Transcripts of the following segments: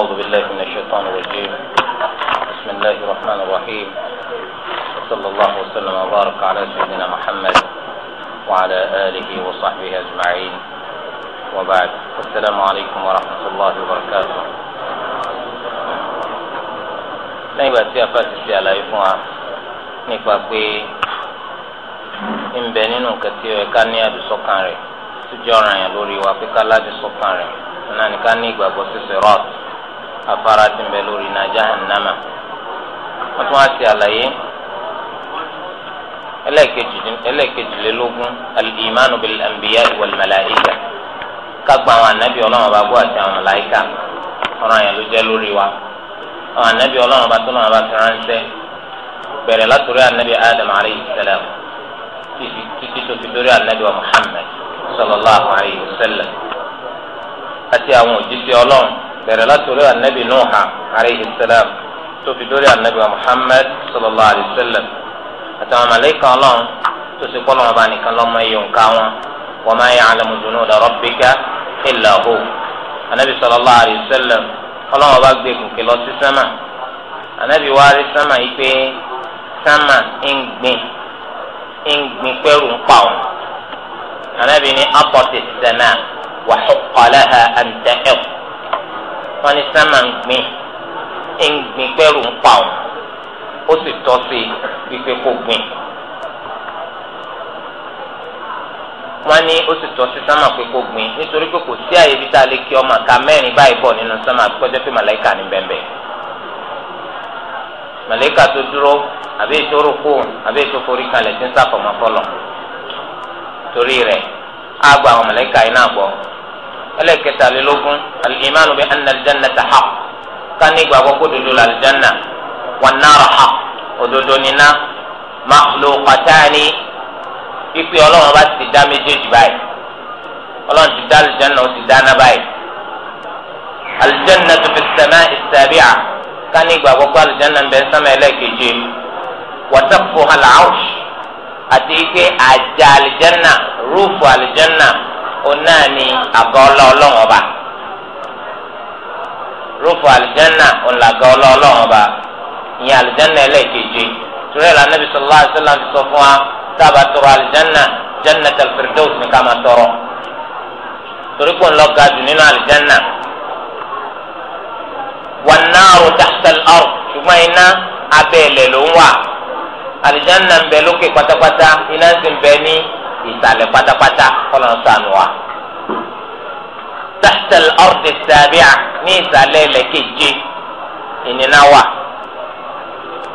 أعوذ بالله من الشيطان الرجيم بسم الله الرحمن الرحيم صلى الله وسلم وبارك على سيدنا محمد وعلى آله وصحبه أجمعين وبعد السلام عليكم ورحمة الله وبركاته lẹ́yìn ìgbà tí a fà ti ṣe àlàyé fún wa nípa pé ń bẹ nínú nǹkan tí ẹ ká ní àdùsọ́kàn rẹ̀ afárá tí ń bẹ lórí iná jahannama wọ́n tún wá sí àlàyé ẹlẹ́ẹ̀kejìlélógún alìmánu bil anbiya wal malaika kagbọ́n àwọn anabi ọlọ́run bá gbọ́ àti àwọn màláìka ọ̀ràn yẹn ló jẹ́ lórí wa àwọn anabi ọlọ́run bá tó lọ́run bá fi ránṣẹ́ bẹ̀rẹ̀ látòrí anabi adam alayhi salam títí tó fi dórí anabi wa muhammad sallallahu alayhi wa sallam àti àwọn òjíṣẹ́ ọlọ́run bẹ̀rẹ̀ látòrí anabi nuuha alayhi salam tó fi dórí anabi wa muhammad sallallahu alayhi salam àtàwọn malayika ọlọ́run tó ti kọ́ lọ́wọ́ bá nìkan lọ́mọ iyùn ká wọn wa ma ya'lamu junuda rabbika illa hu anabi sallallahu alayhi salam ọlọ́wọ́ bá gbé gòkè lọ sí sámà anabi wa rí sámà yìí pé sámà ń gbìn ń gbìn pẹ́rù ń pa wọn anabi ní apọ̀tì sẹ́nà wa huqqa wọn ní sámà ń gbìn ń gbìn pẹ́rù ń pa òun ó sì tọ́ sí wípé kó gbìn wọn ní ó sì tọ́ sí sámà pé kó gbìn nítorí pé kò sí àyè ibi tá kí ọmọ àka mẹ́rin báyìí bọ̀ nínú sámà pẹ́jọ́ pé màláìka ní bẹ́ẹ̀ màláìka tó dúró àbí ètò àbí ètò ẹlẹ́kẹtàlélógún alìmánu bí anna aljannata haq kání gbàgbọ́ kó dodo la aljanna wan nara haq òdodo nínà makhluqatani pípé ọlọ́run bá ti dá méjèèjì báyìí ọlọ́run ti dá aljanna ó ti dáná báyìí aljanna tó fi as-sama'i as-sabi'a kání gbàgbọ́ aljanna bẹ sánmà ẹlẹ́keje wa saqfuha al-'arsh àti pé àjà aljanna rúfù aljanna onáà ni àgọ́ ọlọ́ọ̀lọ́wọ́n ọba rúfù àlìjánà ọ̀làgọ́ ọlọ́ọ̀lọ́wọ́n ọba ìyẹn àlìjánà ẹlẹ́ẹ̀keje turẹ̀ la nabi sallallahu alayhi wa sallam sọ fún wa sábà tọrọ àlìjánà jánà tẹlifirdaus ní ká máa tọrọ torí kò ń lọ ga jù nínú àlìjánà wan naaru tahtal ard ṣùgbọ́n iná abẹ́ ẹ̀lẹ̀ ló ń wà àlìjánà ń bẹ lókè pátápátá iná sì ń bẹ ní ìsàlẹ̀ pátápátá kọ́lọ̀ ń sànù wa. tahtal ardi sabi'a ní ìsàlẹ̀ ilẹ̀ keje ìnìna wa.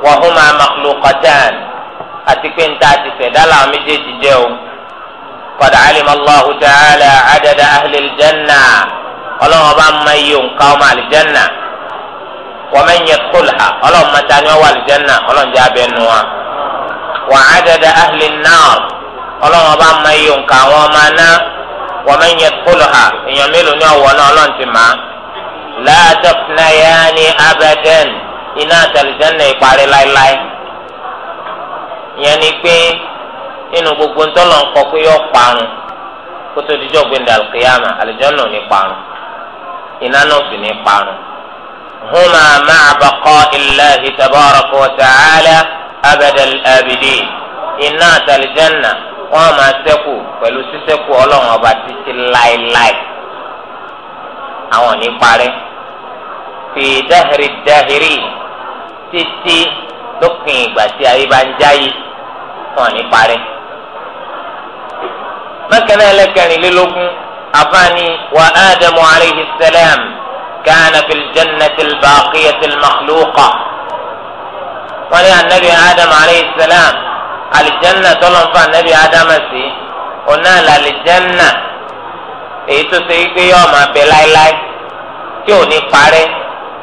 wa huma makhluqatan àti pé nta ti ṣẹ̀dá làwọn méjèèjì jẹ́ o. qad alima Allahu ta'ala adada ahli aljanna ọlọ́wọ́n bá ma iye nǹkan ọmọ àlìjẹ́nà wọ́n mẹ́yẹ kólà ọlọ́wọ́n mẹ́ta ni wọ́n wà àlìjẹ́nà ọlọ́wọ́n jẹ́ abẹ́nu wa. wa adada ahli ọlọ́run ọba ma iye nǹkan àwọn ọmọ aná wọ́n mẹ́ yẹ kóló ha èèyàn mélòó ní ọ̀wọ́ náà ọlọ́run ti mà á. láàtọ̀kùnà yá ni abẹ́dẹ́n iná àtàlìjẹ́n náà ìparí láéláé. ìyẹn ni pé nínú gbogbo ńtọ́lọ̀ ńkọ pé yọ parun kó tó dijọ́ gbẹ̀ndẹ̀ àlùkìyàmà àlìjẹ́n náà ní parun iná náà sì ní parun. huma ma'a baqa'i Allahi tabaraka wa ta'ala abadal abidin iná àtàlìjẹ́n náà wọn máa ṣẹ́kù pẹ̀lú ṣíṣẹ́kù ọlọ́run ọba títí láéláé àwọn ò ní parẹ́ fi dáhìrì dáhìrì títí lópin ìgbà tí ayé bá ń jáyé wọn ò ní parẹ́. mẹ́kànnà ẹlẹ́kẹrìnlélógún afaani wa ádámù aleyhi sẹlẹm kánà fi jẹnẹtì bàkìyẹtì màlúùkà wọn anabi ádámù aleyhi sẹlẹm alìjẹ́nà tọ́lọ́nfà nẹ́bí ádámẹ́sì ọ̀nà làlìjẹ́nà èyí tó ṣe wípé yóò máa bẹ láéláé tí ò ní parẹ́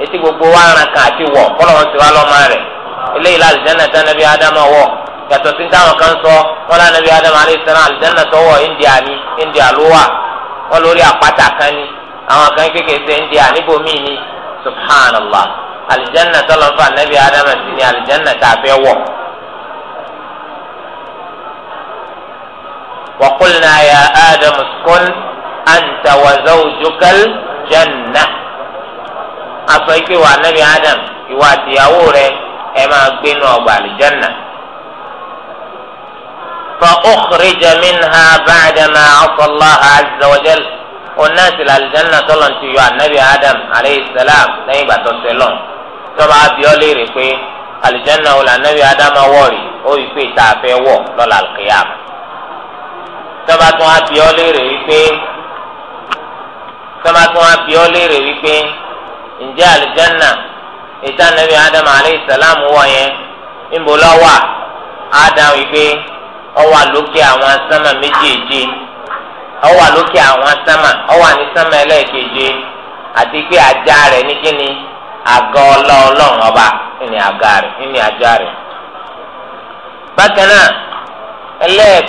etí gbogbo wa ran kan àti wọ̀ kọ́lọ́wọ́n ti wá lọ́mọ rẹ̀ eléyìí làlìjẹ́nà tán nẹ́bí ádámẹ́ wọ̀ yàtọ̀ sí táwọn kan sọ wọn lánàá nẹ́bí ádámẹ́ alẹ́sẹ̀rẹ́ àlìjẹ́nà tọwọ́ India ni India ló wà wọn lórí àpáta kan ni àwọn kan kékeré ṣe India níbòmíì ni subhanallah alìjẹ́nà tọ́lọ́nfà nẹ́bí ádámẹ́ ni alìjẹ́nà tá a وقلنا يا آدم اسكن أنت وزوجك الجنة أصيك والنبي آدم يواتي أوري إما أقبين وأقبال الجنة فأخرج منها بعدما عصى الله عز وجل والناس إلى الجنة طلعا تيوا النبي آدم عليه السلام نيبا تسلون طبعا بيولي ريكي الجنة ولا النبي آدم ووري أو يكي تعفي وو لولا القيامة tọ́ba tún á bí nje léèrè wípé tọ́ba tún á bí ọ léèrè wípé ǹjẹ́ àlùjánnà ìta nàbí ádámù alayhi wọ̀ yẹn ńbọ lọ́wọ́ ádámù wípé ó wà lókè àwọn sánmà méjèèje ó wà lókè àwọn sánmà ó wà ní sánmà àti pé rẹ̀ ọba rẹ̀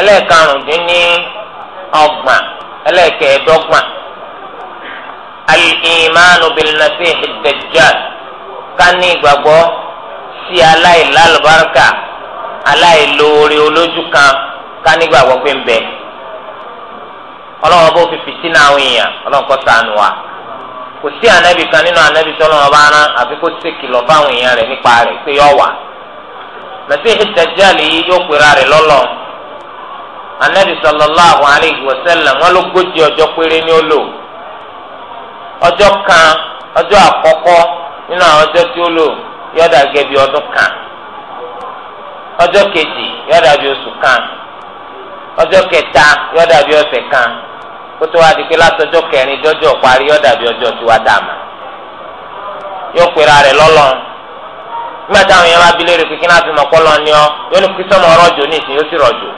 ẹlẹ́ẹ̀karùndínní ọgbọ̀n ẹlẹ́ẹ̀kẹ́ẹ̀dọ́gbọ̀n al-imanu bil kání ìgbàgbọ́ sí aláìlálùbáríkà aláìlóore olójú kan kání ìgbàgbọ́ pé ń bẹ ọlọ́wọ́ bó fi fìtínà àwọn èèyàn ọlọ́wọ́ kọ́ sànù wa kò sí ànábì kan nínú ànábì tọ́lọ́wọ́ bá rán àfi kó ṣe kìlọ̀ fáwọn èèyàn rẹ̀ nípa rẹ̀ pé yọ wà yìí yóò rẹ̀ anabi sallallahu alayhi wa sallam wọn ló gbójú ọjọ́ péré ní olò Ọjọ kan ọjọ́ àkọ́kọ́ nínú àwọn ọjọ́ tí ó lò yọdà gẹbi ọdún kan ọjọ́ kejì yọdà bí oṣù kan ọjọ́ kẹta yọdà bí ọ̀sẹ̀ kan kótó wa di pé látọjọ́ kẹrin jọjọ parí yọdà bí ọjọ́ tí wàá dààmú yóò pera rẹ̀ lọlọ nígbà táwọn yẹn bá bilé rẹ̀ pé kí náà fi mọ kọlọ ni ọ yóò ní kí sọmọ ní ìsìn yóò sì rọjò.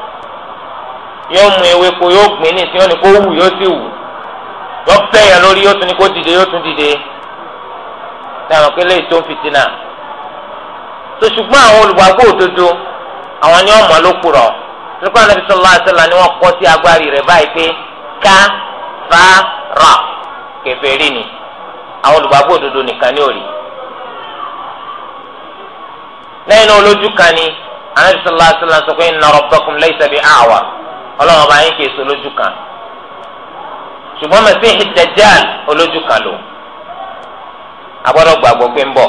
yóò mú ewéko yóò gbìn ní ìsìn yóò ní kó wù yóò sì wù yóò pẹ́ yẹn lórí yóò tún ní kó dìde yóò tún dìde táwọn pé léyìí tó ń fìtínà tó ṣùgbọ́n àwọn olùgbàgbọ́ òdodo àwọn ni wọ́n mọ̀ ló kúrọ̀ nípa Ànábì sallallahu alaihi wasallam ni wọ́n kọ́ sí agbárí rẹ̀ báyìí pé ká fa ra kèfèrí ni àwọn olùgbàgbọ́ òdodo nìkan ní òrì lẹ́yìn náà olójú kan ni Ànábì sallallahu alaihi sọ pé inna rabbakum laysa bi'awa. ọlọ́run ọba yín kìí so kan ṣùgbọ́n mẹ́sìn ìdẹ́jáàlì olójú kan lò agbọ́dọ̀ gbàgbọ́ pé ń bọ̀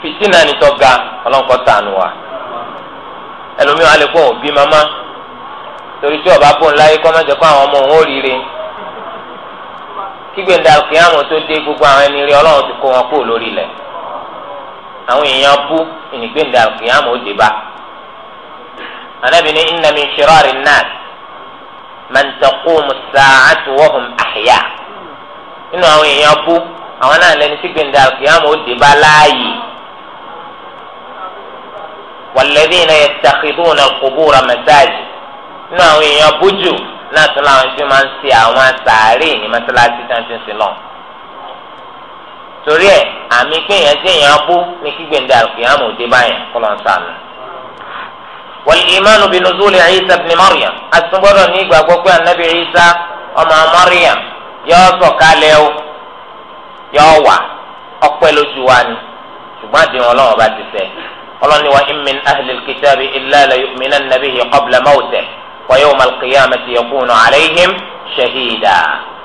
fìtínà nìtọ́ ga ọlọ́run a tànù wa ẹlòmíràn mama torí tí ọba bò ń láyé kọ́ mẹ́jọ kó àwọn ọmọ òun ó rire kígbèǹda kìámù tó dé gbogbo àwọn ẹni rí ọlọ́run ti kó wọn kó anabi ni inna min shirari nas man taqumu saacatu wahum ahya inú àwọn èèyàn bú àwọn náà lẹni tí gbẹndé alkiyama ó dé bá láàyè walladhina yattakhidhuna alqubura masajid inú àwọn èèyàn bújù náà tún láwọn tí máa ń ṣe àwọn sàárè ní mọ́sálásí tí wọ́n ti ń sin lọ. torí ẹ̀ àmì pé èèyàn jẹ́ èèyàn bú ní kí gbẹndé alkiyama ó dé báyà kọ́ lọ́n sànù. والإيمان بنزول عيسى ابن مريم أسنبرا نيجا بقى النبي عيسى أما مريم يا سكاليو يا وا أقبل جواني ṣùgbọ́n àdéhùn ọlọ́run ọba ti ṣẹ ọlọ́run ni wa imin ahlil kitabi illa la yuminan nabihi qabla mawtẹ wa yawma alqiyamati yakunu alayhim shahida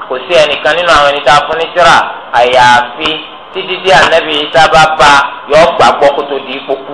kò sí ẹnìkan nínú àwọn ẹni tá a fún ní síra àyàfi títí tí anabi isa bá ba yọ gbàgbọ́ kó tó di ipò kú.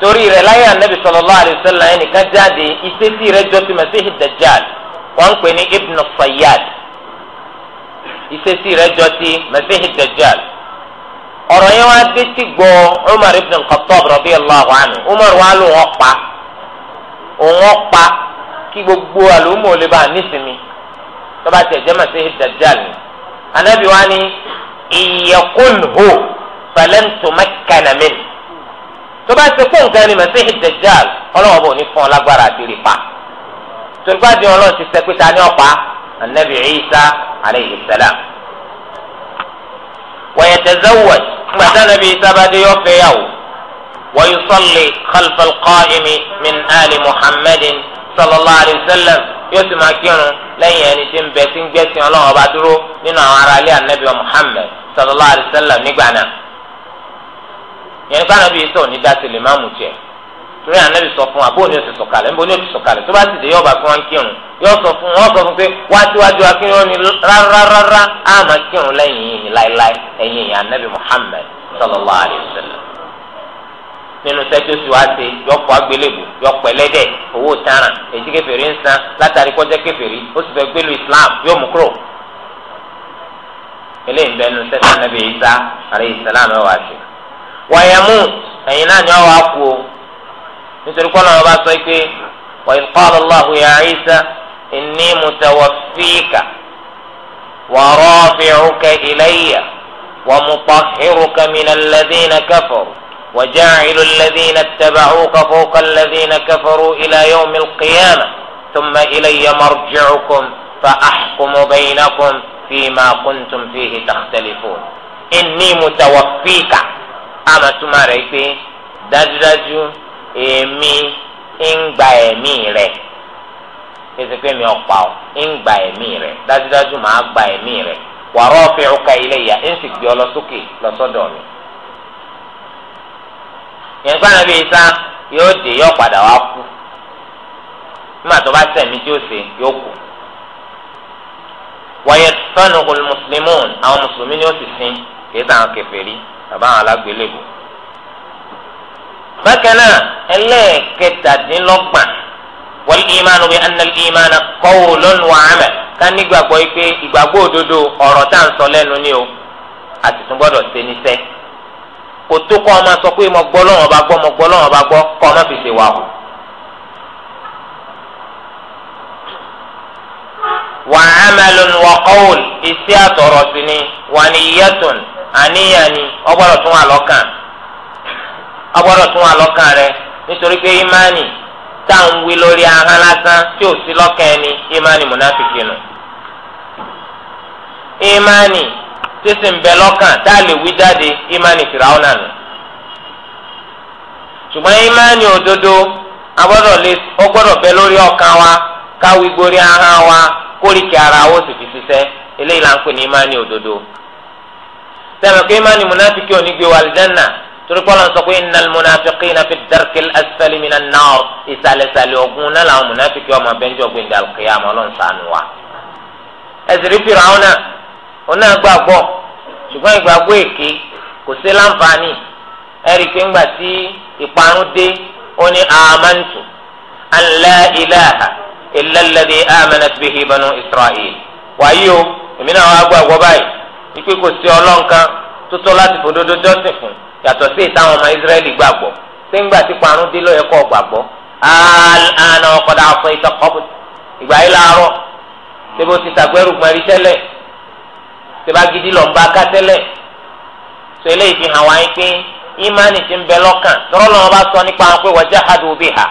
torí rẹ̀ láyé anabi sallallahu alaihi wasallam ẹnìkan jáde ìṣesí rẹ̀ jọ sí mẹsíhì dajjal wọ́n ń pè ní ibn sayyad ìṣesí rẹ̀ jọ sí mẹsíhì dajjal ọ̀rọ̀ yẹn wá dé sí gbọ́ umar ibn khattab radiyallahu anhu umar wà ló wọ́n pa òun wọ́n pa kí gbogbo àlùmọ̀ olè bá nísìmí tọ́ba tẹ̀ jẹ́ mẹsíhì dajjal ni anabi wá ní iyyakunhu falan tumakkana tó bá ti kó nǹkan ni mẹsíhì dẹjáàl ọlọ́wọ́ bò ní fún ọ lágbára àbírí pa torí bá di ọlọ́run ti sẹ pé ta ni ọ̀pá anabi isa aleyhi salam wọ̀yẹ̀tẹ̀zẹ̀wọ̀t gbàtà nàbí isa bá dé yọ fẹ́yàwó wọ̀yùsọ̀lì khalfal qaimi min ali muhammadin sallallahu alayhi wa sallam yóò sì máa kírun lẹ́yìn ẹni tí ń bẹ tí ń gbẹ́sìn ọlọ́run ọba dúró nínú àwọn aráalé anabi muhammad sallallahu alayhi nígbà náà. yẹn ká anabi yìí sọ ní dásí lè má mú tiẹ̀ torí ànábì sọ fún wa bóun ni o ti sọkalẹ nbọ ni o tó bá sì dé yọba fún wa ń kírun yọ sọ fún wọn sọ fún pé wá síwájú wa kírun ni rárárárá á máa kírun lẹ́yìn yìí ni láéláé ẹ̀yìn ìyá sallallahu alayhi ninu nínú sẹ́jọ́ tí wàá ṣe yọpọ̀ agbélébù yọpọ̀ ẹlẹ́dẹ̀ owó ń san látàrí kọjá ó sì Islam yóò mú kúrò eléyìí bẹ́ẹ̀ nu sẹ́jọ́ ànábì Isa salam wayamut ẹ̀yin náà ni wọ́n wá kú o nítorí kọ́ náà wọ́n bá sọ pé wa idh qala Allahu ya Isa inni mutawaffika wa rafi'uka ilayya wa mutahhiruka mina alladhina kafaru wa ja'ilu alladhina ittaba'uka fawqa alladhina kafaru ila yawmi al-qiyamah thumma ilayya marji'ukum fa ahkumu baynakum fima kuntum fihi takhtalifun inni mutawaffika. àmọ́ túmọ̀ rẹ̀ pé dájúdájú èmi ń gba ẹ̀mí rẹ̀ kéde pé mi ọ̀pá ọ̀ ń gba ẹ̀mí rẹ̀ dájúdájú màá gba ẹ̀mí rẹ̀ wa rafi'uka ilayya ń sì gbé ọ lọ sókè lọ mi. yẹn gbọ́dọ̀ bí isa yóò dé yóò padà wá kú nígbà sin kì í sàn bàbá àwọn alágbélébùú bákan náà ẹlẹ́ẹ̀kẹtàdínlọ́gbọ̀n wal ìmánu bí anal ìmánu qawlun wa amal ká nígbàgbọ́ pé ìgbàgbọ́ òdodo ọ̀rọ̀ tá à ń sọ lẹ́nu ni o àti tún gbọ́dọ̀ ṣe níṣẹ́ kò tó kọ́ ọ máa sọ pé mo gbọ́ lọ́wọ́ bá gbọ́ mo gbọ́ lọ́wọ́ bá gbọ́ kọ́ ọ má fi ṣe wà o. wa amalun iṣẹ́ àtọ̀rọ̀ sí ni wa àníyàn ni ọgbọdọ tún wà lọ́kàn ọgbọ́dọ̀ tún wà rẹ nítorí pé imani tá à ń wí lórí ahọ́n lásán tí ò sí lọ́kàn ẹni ìmánì múnáfìkì nù. ìmánì tí bẹ lọ́kàn tá a lè wí jáde ìmánì fìràwọ́nà nù. ṣùgbọ́n ìmánì òdodo lè wa káwí gborí wa kórìkì ara ó sì fi ṣiṣẹ́ eléyìí là ń pè sẹ́mi kí imáni munafiki ò ní gbé wà lìjánà torí pọ́lọ́ ń sọ pé innal munafiqina fi darkil asfali minan nar ìsàlẹ̀sàlẹ̀ ọ̀gbun náà làwọn munafiki ọmọ abẹ́njọ́ gbé ndàl kìyàmù ọlọ́run sànù wa. ẹ̀sìn rí fìrà ọ̀nà ọ̀nà gbàgbọ́ ṣùgbọ́n ìgbàgbọ́ èké kò sí láǹfààní ẹ̀rí pé ńgbà tí ìparun dé ó ní amantu an la ilaha illa alladhi ìpè kò sí ọlọ́nkan tó tọ́ láti fòdodo jọ́sìn fún yàtọ̀ sí ìtàwọn ọmọ Ísírẹ́lì gbàgbọ́ sẹ́ńgbà tí parun dé lọ́yẹ kọ́ gbàgbọ́ àánà ọkọ̀dà àfọ ìtọ́kọ́bù ìgbà yìí láàárọ̀ tẹ́bó ti tàgbẹ́rù gbẹ̀rí tẹ́lẹ̀ tẹ́bá gidi lọ́n bá ká tẹ́lẹ̀ tó eléyìí fi hàn wáyé pé ìmánì ti ń bẹ lọ́kàn tọ́rọ́ lọ́wọ́ bá sọ nípa wọn pé wajahadu biha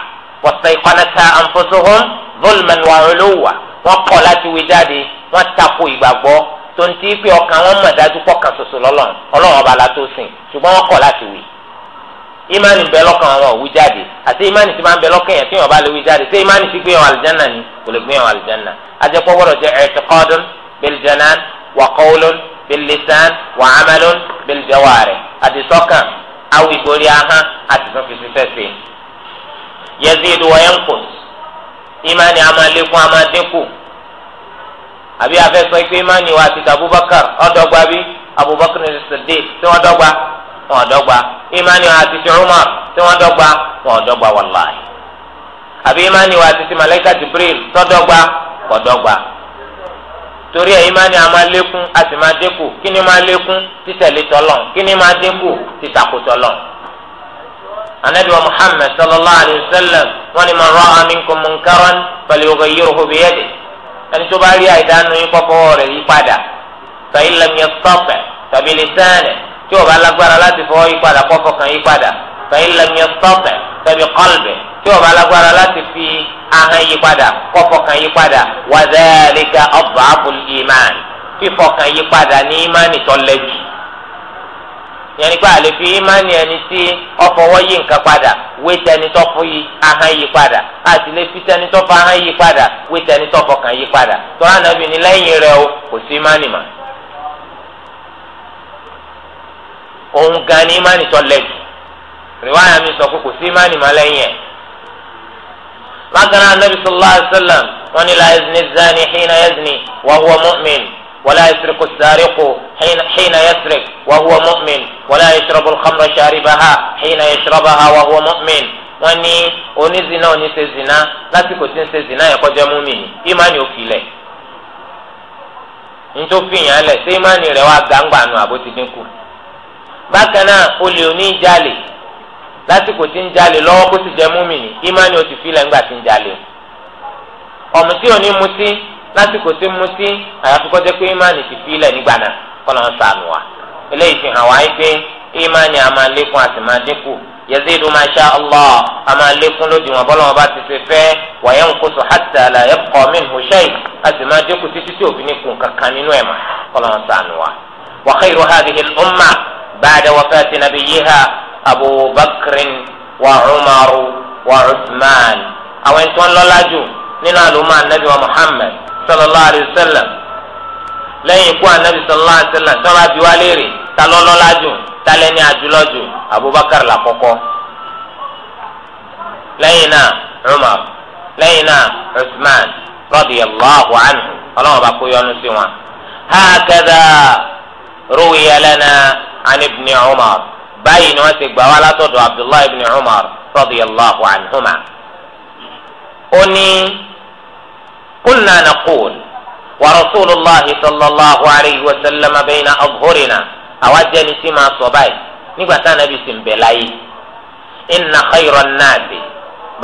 wastayqanatha anfusuhum zulman wa uluwwa wọ́n kọ̀ láti wí jáde wọ́n tako ìgbàgbọ́ tó ń tí pé ọkàn wọn mọ̀ dájú pọ̀kan ṣoṣo lọ́lọ́run ọlọ́run ọba la tó sìn ṣùgbọ́n wọn kọ̀ láti wí ìmánì bẹ lọ́kàn àwọn òwú jáde àti ìmánì tí máa ń bẹ lọ́kàn yẹn tí wọn bá lè wí jáde ṣé ìmánì ti gbé wọn àlìjánà ni kò lè gbé wọn àlìjánà ajẹpọ gbọ́dọ̀ jẹ ẹtìkọọdún biljanan wa qawlun billisan wa amalun biljawari àdìsọkàn awo ìgbórí ahán fi ṣiṣẹ́ sí i yazidu wa yanqus àbí afẹ́sọ pé mani wa àti abubakar ọ̀dọ́gba bí abubakar ní Siddiq tí wọ́n dọ́gba wọn ọ̀dọ́gba imani wa àti Umar tí wọ́n dọ́gba wọn ọ̀dọ́gba wàláhì àbí imani wa àti malayika Jibril tọ́dọ́gba kọ́dọ́gba torí ẹ imani a máa lékún a sì máa dínkù kí ni máa lékún títẹ̀lé tọ́lọ̀ kí ni máa dínkù títàkù tọ́lọ̀ anabi wa sallallahu alayhi wa sallam wọ́n ní ra'a minkum munkaran falyughayyirhu biyadihi ẹni tó bá rí àìdánu yín kọ́kọ́ rẹ̀ yí padà kàyí lẹ́mi ẹ̀sọ́pẹ̀ tàbí lẹ́sẹ̀nẹ̀ tí o bá lágbára láti fọwọ́ yí padà kọ́kọ́ kan yí padà kàyí lẹ́mi ẹ̀sọ́pẹ̀ tàbí kọ́lbẹ̀ tí o bá lágbára láti fi ahọ́n yí padà kọ́kọ́ kan yí padà wàdẹ́ẹ̀lẹ́ka ọ̀bà àbùl ìmán fífọkàn yí padà ní ìmánì tó yẹn nípa àlè fi ìmánì ẹni tí ọfọwọ́ yí nǹkan padà wé tẹni tó fi ahọ́n yí padà àti lè fi tẹni tó fi ahọ́n yí padà wé tẹni tó fọkàn yí padà tọ́lá nàbì ní lẹ́yìn rẹ̀ o kò sí ìmánì mọ́. òun gan ni ìmánì tó lẹ́jù rìwáyà mi sọ pé kò sí ìmánì mọ́ lẹ́yìn ẹ̀. bákan náà nàbì sallallahu alaihi wasallam wọn ni la yazni zani hina yazni wa huwa mu'min. ولا يسرق السارق حين حين يسرق وهو مؤمن ولا يشرب الخمر شاربها حين يشربها وهو مؤمن wọ́n ní onízina oníṣezina lásìkò tí ń ṣe zina yẹn kọjá múmìnì ìmánì òfìlẹ̀ ntòfìyàn lẹ̀ ṣé ìmánì rẹ̀ wá gbangba nù àbó ti dínkù. bákan náà olè oníjalè lásìkò tí ń jalè lọ́wọ́ kó ti jẹ múmìnì ìmánì òfìlẹ̀ ńgbà tí ń jalè. ọ̀mùtí òní mutí lásìkò tí mu sí àyàfi kọjá pé ìmánì ti fi ilẹ̀ nígbà náà kọ́nà ń sànù wa eléyìí fi hàn wáyé pé ìmánì a máa lékún a sì máa dínkù yazidu ma sha Allah a máa lékún lódì wọn bọ́lá wọn bá ti ṣe fẹ́ wa yanqusu hatta la yabqa minhu shay' a sì máa dínkù títí tí òbí ní kun kankan nínú ẹ̀ mà kọ́nà ń sànù wa. wa khayru hadhihi al-umma ba'da wafati nabiyyiha Abu Bakrin wa sallallahu alayhi wa sallam lẹ́yìn ikú anabi sallallahu alayhi wa sallam sọ́nà abiwá léèrè ta lọ́lọ́lá jù ta lẹ́ni àjùlọ jù abubakar là kọ́kọ́ lẹ́yìn náà umar lẹ́yìn náà usman radiyallahu anhu ọlọ́wọ́n bá kó yọnu sí wọn. hakadha ruwiya lana an ibn umar báyìí ni wọ́n ti gbà wá látọ̀dọ̀ abdullahi ibn umar radiyallahu anhuma. ó ní. كنا نقول ورسول الله صلى الله عليه وسلم بين أظهرنا أوجني سما صباي نقول بسم بلاي إن خير الناس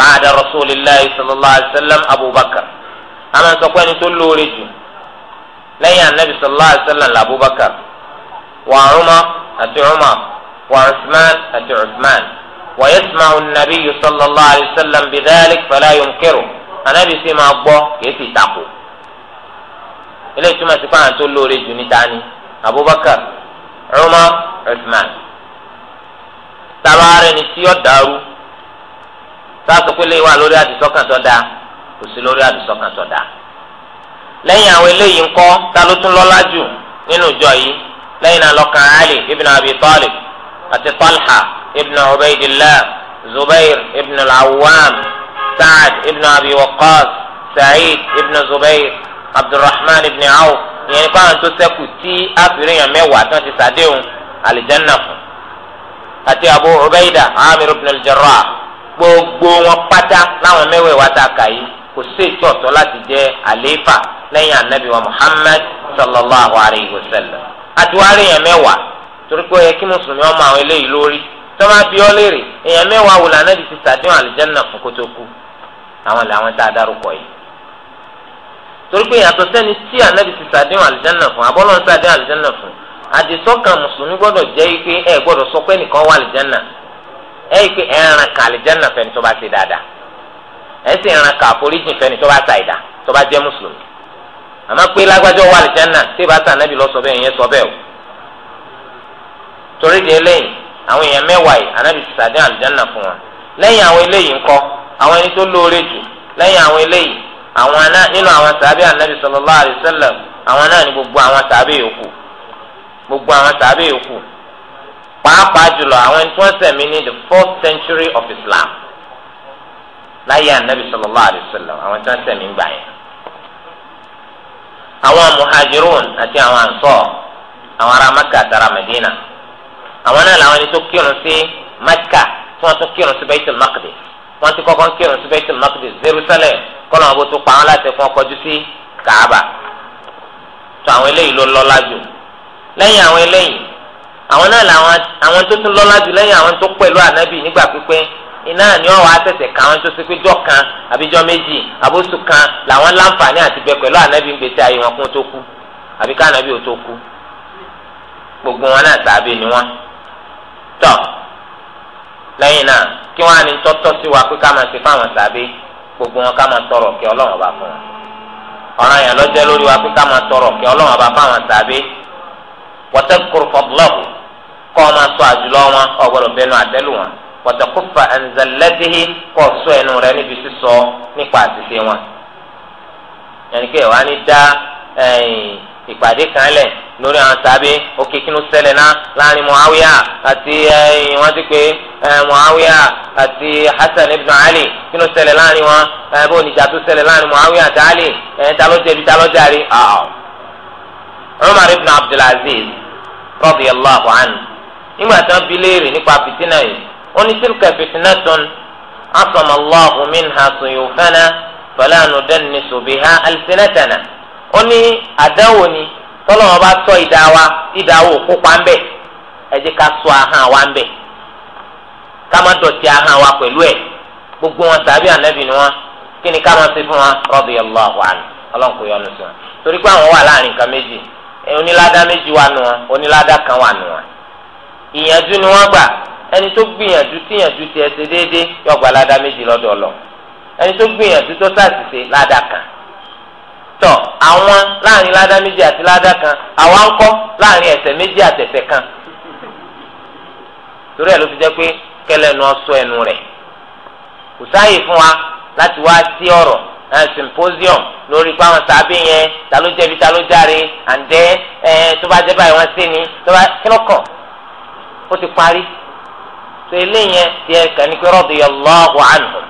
بعد رسول الله صلى الله عليه وسلم أبو بكر أما تقول تلو رجل لين النبي صلى الله عليه وسلم لأبو بكر وعمر أتي عمر وعثمان أتي عثمان ويسمع النبي صلى الله عليه وسلم بذلك فلا ينكره anabi sì máa gbọ́ kìí sì takò eléyìí túmọ̀ sí fáwọn tó lóore jù ní tani abubakar umar usman tabaare ni tí yọ dàrú sáàsì pé lè wà lórí àdìsọ́kàn tó dáa kò sí lórí àdìsọ́kàn tó dáa lẹ́yìn àwọn eléyìí ńkọ́ ta ló tún lọ́lá jù nínú ìjọ yìí lẹ́yìn náà lọ́kàn ali ibn abi talib àti talha ibn ubaydillah zubair ibn al سعد ابن أبي وقاص سعيد ابن زبير عبد الرحمن ابن عوف يعني كان تسكو تي أبرين يميوة تنتي ساديون على الجنة àti أبو Ubaida Amir ibn الجراح، jarrah gbogbo wọn pátá láwọn mẹ́wẹ̀ẹ̀wá tá a kà yìí kò sí ètò ọ̀tọ̀ láti jẹ́ àlééfà lẹ́yìn anabi wa Muhammad sallallahu alayhi wa sallam. àtiwárí èèyàn mẹ́wàá torí pé ó yẹ kí mùsùlùmí ọmọ àwọn eléyìí lórí tọ́mọ abiyọ́ léèrè èèyàn mẹ́wàá wò lànà ti sàdéhùn àlìjẹ́nà fún kótó kú àwọn làwọn tá a dárúkọ yìí torí pé yàtọ̀ sẹ́ni tí anabi ti sàdéhùn àlìjáná fún abọ́lọ́ ń sàdéhùn àlìjáná fún àdìsọ́kàn mùsùlùmí gbọ́dọ̀ jẹ́ pé ẹ gbọ́dọ̀ sọ pé nìkan wà àlìjáná ẹ yìí pé ẹ ràn ká àlìjáná fẹ́ni tó bá ṣe dáadáa ẹ sì ràn ká àforíjìn fẹ́ni tó bá ta ìdá tó bá jẹ́ mùsùlùmí àmọ́ pé lágbájọ́ wà àlìjáná tí ìbá sàn anabi lọ sọ bẹ́ẹ̀ yẹn sọ bẹ́ẹ̀ o torí di eléyìí àwọn èèyàn mẹ́wàá àwọn ẹni tó lóore jù lẹ́yìn àwọn eléyìí àwọn nínú àwọn sàbẹ anabi sallallahu alaihi wasallam àwọn náà ni gbogbo àwọn sàbẹ yòókù gbogbo àwọn sàbẹ yòókù pàápàá jùlọ àwọn ẹni tí wọ́n ṣẹ̀mí ní the fourth century of Islam láyé anabi sallallahu alaihi wasallam àwọn tí wọ́n ṣẹ̀mí gbà yẹn àwọn muhajirun àti àwọn ansọ àwọn ará maka àtàrà medina àwọn náà làwọn ẹni tó kírun sí maka tí wọ́n tún kírun sí baitul maqdis wọ́n ti kọ́kọ́ ń kírun sí Baitul Maqdis Jerusalem kọ́nà àbó tó pa wọn láti fún ọkọ̀jú sí Kaaba tó àwọn eléyìí ló lọ́lá jù lẹ́yìn àwọn eléyìí àwọn náà làwọn àwọn tó tún lọ́lá jù lẹ́yìn àwọn tó pẹ̀lú ànábì nígbà pípẹ́ iná ni wọn wàá tẹsẹ̀ ká wọn tó ṣe pé jọ́ kan àbíjọ́ méjì àbóṣù kan làwọn láǹfààní àti bẹ pẹ̀lú ànábì ń gbèsè ayé wọn kún tó kú àbí ká ànábì ò tó kú gbogbo wọn náà tàbí ni wọn tọ lẹ́yìn náà kí wọ́n á ní tọ́tọ́ sí wa pé ká máa ṣe fáwọn sàbí gbogbo wọn ká máa tọrọ kí ọlọ́run bá fún wọn ọ̀ràn yẹn lọ́jọ́ lórí wa pé ká máa tọrọ kí ọlọ́run bá fáwọn sàbí wọ́tẹ́kùrù fọ́bùlọ́ọ̀bù kọ́ ọ máa sọ àjùlọ wọn ọ̀gbọ́dọ̀ bẹnu àtẹ́lù wọn wọ́tẹ́kùfà ẹ̀ǹzẹ̀lẹ́dìhì kọ́ sọ ẹnu rẹ níbi sísọ nípa àṣìṣe wọn. yẹn ni kí ẹ wá ní dá ìpàdé kan lẹ̀ lórí àwọn sábẹ́ òkè kí ló ṣẹlẹ̀ náà láàrin muawiya àti wọ́n ti pé muawiya àti hasan ibn ali kí ló ṣẹlẹ̀ láàrin wọn bó níjà tó ṣẹlẹ̀ láàrin muawiya àti ali ta ló jẹ̀bi ta umar ibn abdulaziz radiyallahu anhu nígbà tí wọ́n bi léèrè nípa fìtínà yìí wọ́n ní tilka fitnatun asamallahu minha suyufana fala nudannisu biha alsinatana ó ní àdánwò ni tọ́lọ́wọ́n bá tọ́ ìdá wa ìdá wa òkópa ń bẹ̀ ẹ jẹ́ ká sọ ahọ́n wa ń bẹ̀ ká má dọ̀tí ahọ́n wa pẹ̀lú ẹ̀ gbogbo wọn tàbí ànábì ni wọn kí ni ká má ṣe fún wa radiyallahu anhu ọlọ́nkò yọnu sí wọn torí pé àwọn wà láàrin nǹkan méjì onílàdá méjì wà nù wọn onílàdá kan wà nù wọn ìyànjú ni wọn gbà ẹni tó gbìyànjú tíyànjú tiẹ̀ ṣe déédéé yọgbà tọ àwọn láàrin ládá méjì àti ládá kan àwa ń kọ́ láàrin ẹ̀ṣẹ̀ méjì àtẹ̀ṣẹ̀ kan torí ẹ̀ ló fi jẹ́ pé kẹlẹ́nu ọ̀sọ́ ẹnu rẹ̀ kò sáàyè fún wa láti wá sí ọ̀rọ̀ symposium lórí pé àwọn sábẹ́ yẹn ta ló jẹ̀bi ta ló járe àǹdẹ́ tó bá jẹ́ báyìí wọ́n sí ni tó bá kílọ̀kàn ó ti parí tó eléyẹn tiẹ̀ kàn ní pé radiyallahu anhum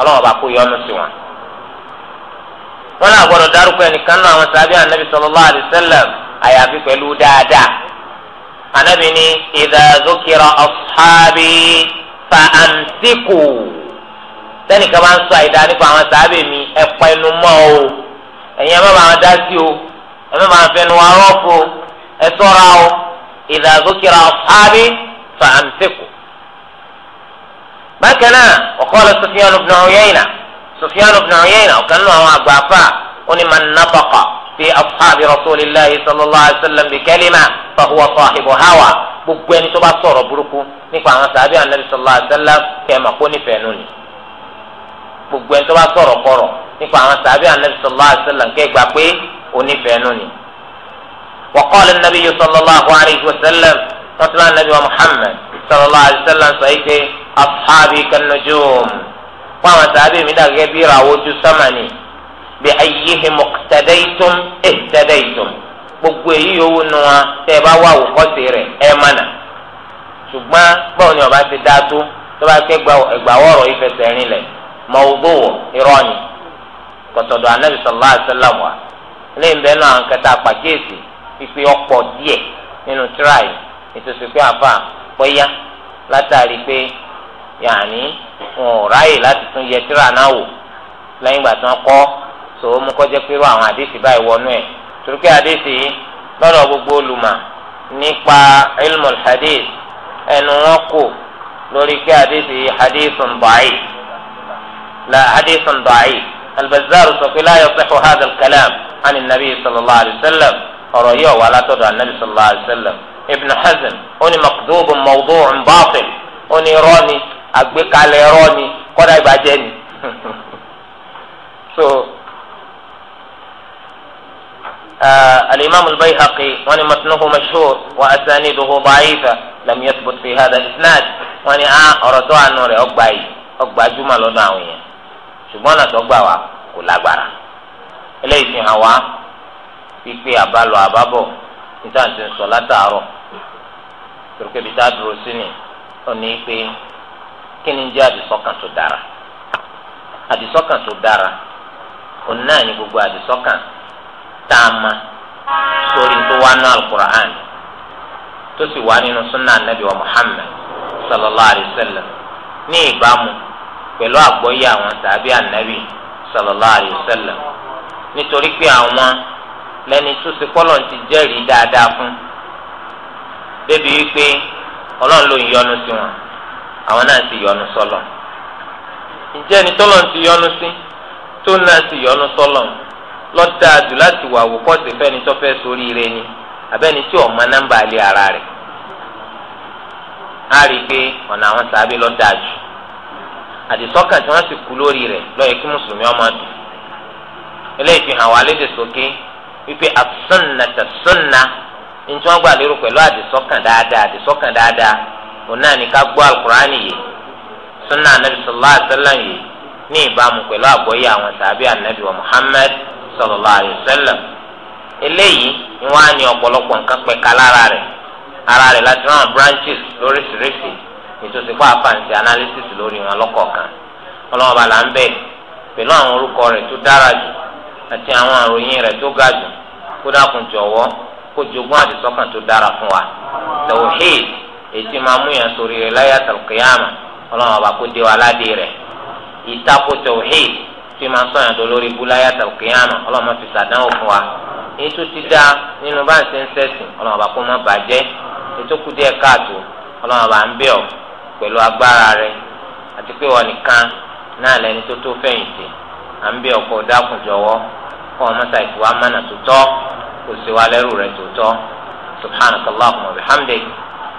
ọlọ́run ọba kò yọ ọ́nù sí wọn wọn náà gbọ́dọ̀ dárúkọ ẹnìkan náà àwọn sábẹ́ anabi sallallahu alaihi wasallam àyàfi pẹ̀lú dáadáa anabi ni idha zukira ashabi fa amsiku sẹ́nìkan máa ń sọ àìdá nípa àwọn sábẹ́ mi ẹ pa ẹnu mọ́ o ẹ̀yin ẹ má máa dá sí o ẹ má máa fẹnu arọ́pò ẹ sọ́ra o idha zukira ashabi bákan náà wa qala Sufyan ibn Uyayna. Sufyan ibn Uyayna ọ̀kan nínú àwọn àgbàfà oní man nafaqa fi ashabi rasulillahi sallallahu alayhi wa sallam bi kalima fa huwa sahibu hawa gbogbo ẹni tó bá sọ̀rọ̀ burúkú nípa àwọn sàbí anabi sallallahu alayhi wa sallam kẹ́ẹ̀mà kó nífẹ̀ẹ́ nù ni gbogbo ẹni tó bá sọ̀rọ̀ kọ̀rọ̀ nípa àwọn sàbí anabi sallallahu alayhi wa sallam kẹ́ẹ̀gbà pé onífẹ̀ẹ́ nù ni. وقال النبي صلى الله عليه وسلم قتل النبي محمد صلى الله عليه وسلم صحيح أصحابي كالنجوم wọn àwọn sàábì mi dàgẹ́ bí ìràwọ̀ ojú sámánì bí ayéhe mọ̀tẹ́dẹ́yìtùm ẹ̀tẹ́dẹ́yìtùm gbogbo èyí yòówù nu wa tẹ́ ẹ bá wà òkọ́sì ẹ ṣùgbọ́n báwo ni ọba ti dá tó tó bá ké rìn lẹ̀ irọ́ ni kọ̀tọ̀dọ̀ anabi wa ń àwọn kẹta ọ̀pọ̀ díẹ̀ nínú tíráì pẹ́yà látàrí yàní wọn ò ráyè láti tún yẹ tíra náà wò lẹ́yìn ìgbà tí wọ́n kọ́ sòwò mú kọjá pé irú àwọn àdéhìí báyìí wọnú ẹ̀ torí pé àdéhìí lọ́dọ̀ gbogbo olùmọ̀ nípa ilmul hadith ẹnu wọn kò lórí pé àdéhìí hadithun da'if la hadithun da'if albazzaru sọ pé la yasihu hadha al-kalam an nabi sallallahu alayhi wa sallam ọ̀rọ̀ yìí ọ̀wà látọ̀dọ̀ anabi sallallahu alayhi wa sallam ibn hazm ó ní maqdubun mawdu'un batil ó ní irọ́ àgbékalẹ̀ ẹ̀rọ ni kọ́dà ìbàjẹ́ ni so الإمام البيهقي وأن متنه مشهور وأسانيده ضعيفة لم يثبت في هذا الإسناد وأن أردت أن نرى أقبعي أقبع جمل ناوية ṣùgbọ́n náà tó gbà wá kò lágbára eléyìí fi hàn wá pípé àbálọ àbábọ̀ níta ti ń sọ látàárọ̀ torí pé ibi tá dúró sí ni ó ní pé kí ni jẹ́ àdìsọ́kàn tó dára àdìsọ́kàn tó dára òun náà ni gbogbo àdìsọ́kàn tá a ma sórí tó wá náà alukur'an tó sì wá nínú sunna anabi wa muhammad sallallahu alayhi wa sallam ní ìbámu pẹ̀lú àgbọ́yé àwọn tàbí anabi sallallahu alayhi wa sallam nítorí pé àwọn lẹ́ni tó ṣe kọ́lọ̀ ti jẹ́rìí dáadáa fún débi wípé ọlọ́run ló ń yọ́nú sí wọn. àwọn náà sì yọnu sọlọ ǹjẹ́ ẹni tọ́lọ̀ ti yọnu sí tó náà sì yọnu sọlọ lọ́dà jù láti wà wòkọ́sì fẹ́ni tó fẹ́ sórí ire ni abẹ́ni tí ọ̀ma nọ́mbà lé ara rẹ̀ á rí i pé ọ̀nà àwọn sàábì lọ́dà jù àdìsọ́kàn tí wọ́n sì kú lórí rẹ̀ lọ́yẹ kí mùsùlùmí ọmọ dùn eléyìí fi hàn wá lédè sókè wípé àtúnṣánná tàṣánná ní tí wọ́n gbà lérò pẹ̀lú àdìsọ́kàn dáadáa àdìsọ́kàn dáadáa ona náà ní ká gbọ́ alukur'an yìí sunna anabi sallallahu alayhi wa sallam yìí ní ìbámu pẹ̀lú àgbọ́yé àwọn sàbí anabi wa muhammad sallallahu wa sallam ni wọ́n nka ní ọ̀pọ̀lọpọ̀ nǹkan ara rẹ̀ branches lóríṣiríṣi ìtòsí fún àfàǹsì analysis lórí wọn lọ́kọ̀ọ̀kan ọlọ́wọ́n bá là ń bẹ̀ pẹ̀lú àwọn dara rẹ̀ ètí máa mú yàn sórí rẹ̀ láyà tàlùkìyàmà ọlọ́run ọba kó dé wa aládé rẹ̀ ìtakò tauhid tí máa sọ yàn tó lórí ibú láyà tàlùkìyàmà ọlọ́run má sàdánwò fún wa ètò ti dá nínú bá ń ṣe ń sẹ̀sìn ọlọ́run ọba má bàjẹ́ ètò kù díẹ̀ káàtó ọlọ́run ọba ń bẹ̀ ọ́ pẹ̀lú agbára rẹ̀ àti pé wọn nìkan náà lẹni tó tó fẹ̀yìntì à ń bẹ̀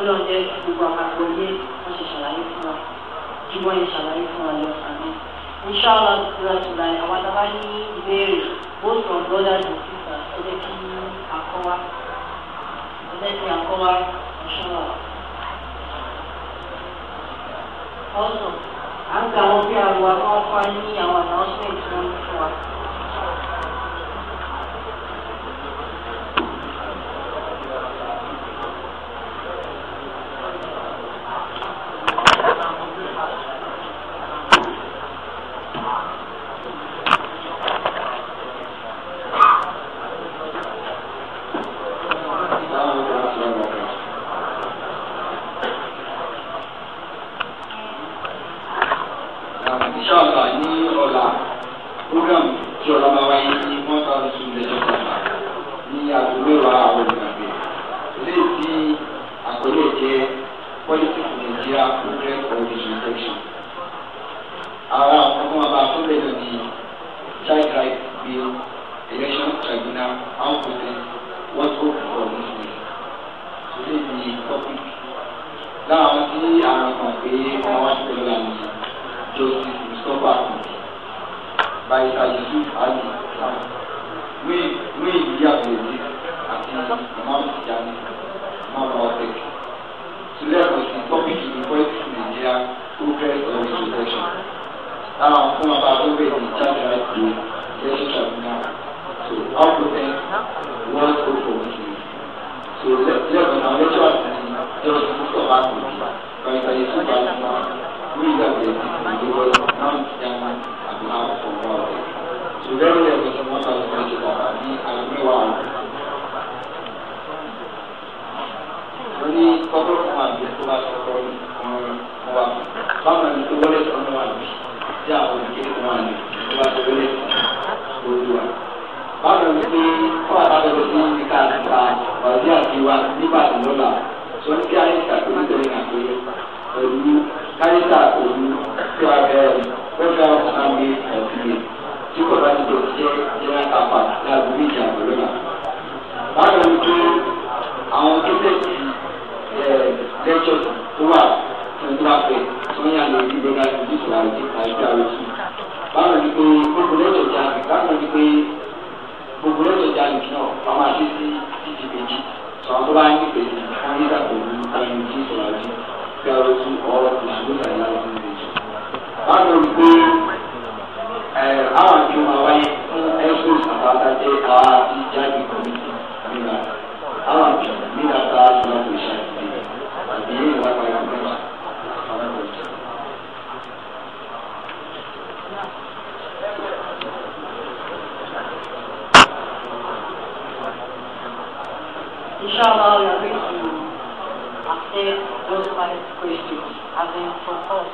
ọlọ́run jẹ́ gbogbo àpapọ̀ yé wọ́n ṣe ṣàlàyé fún wa bí wọ́n ṣe ṣàlàyé fún wa lọ àmì. inṣàlá ìtura ìtura àwọn àtàbá ní ìbéèrè both from brothers and sisters ọjọ́ kí àkọ́wá ọjọ́ kí àkọ́wá inṣàlá. also à ń gba àwọn bí àwọn àwọn ní àwọn announcement wọn fún wa. raise those kind of questions as in from us.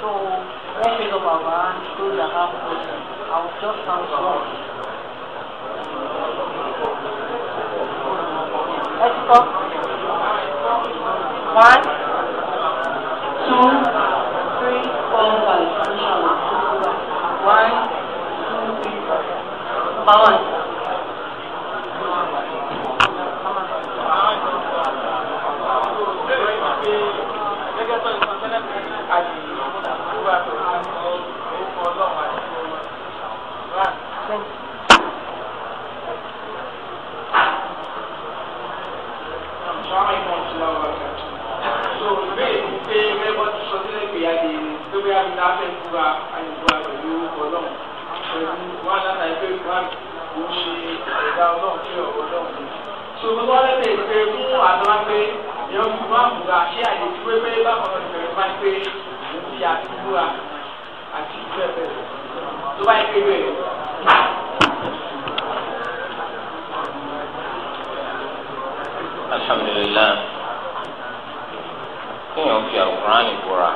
So one piece of our hand shows that have questions. I will just answer one. Let's stop. One, two, three, four, five. Inshallah. One, two, three, four. Number one. gbogbo ọ̀rẹ́ lè ṣe mú àdúrà pé èèyàn mú máa mú ra ṣé àyè tí wọ́n pé bákan náà bẹ̀rẹ̀ máa pé òun ti àti búra àti bẹ́ẹ̀ bẹ́ẹ̀ tó bá yẹ pé bẹ́ẹ̀. alhamdulilayi kéèyàn fi àwòrán ìbúra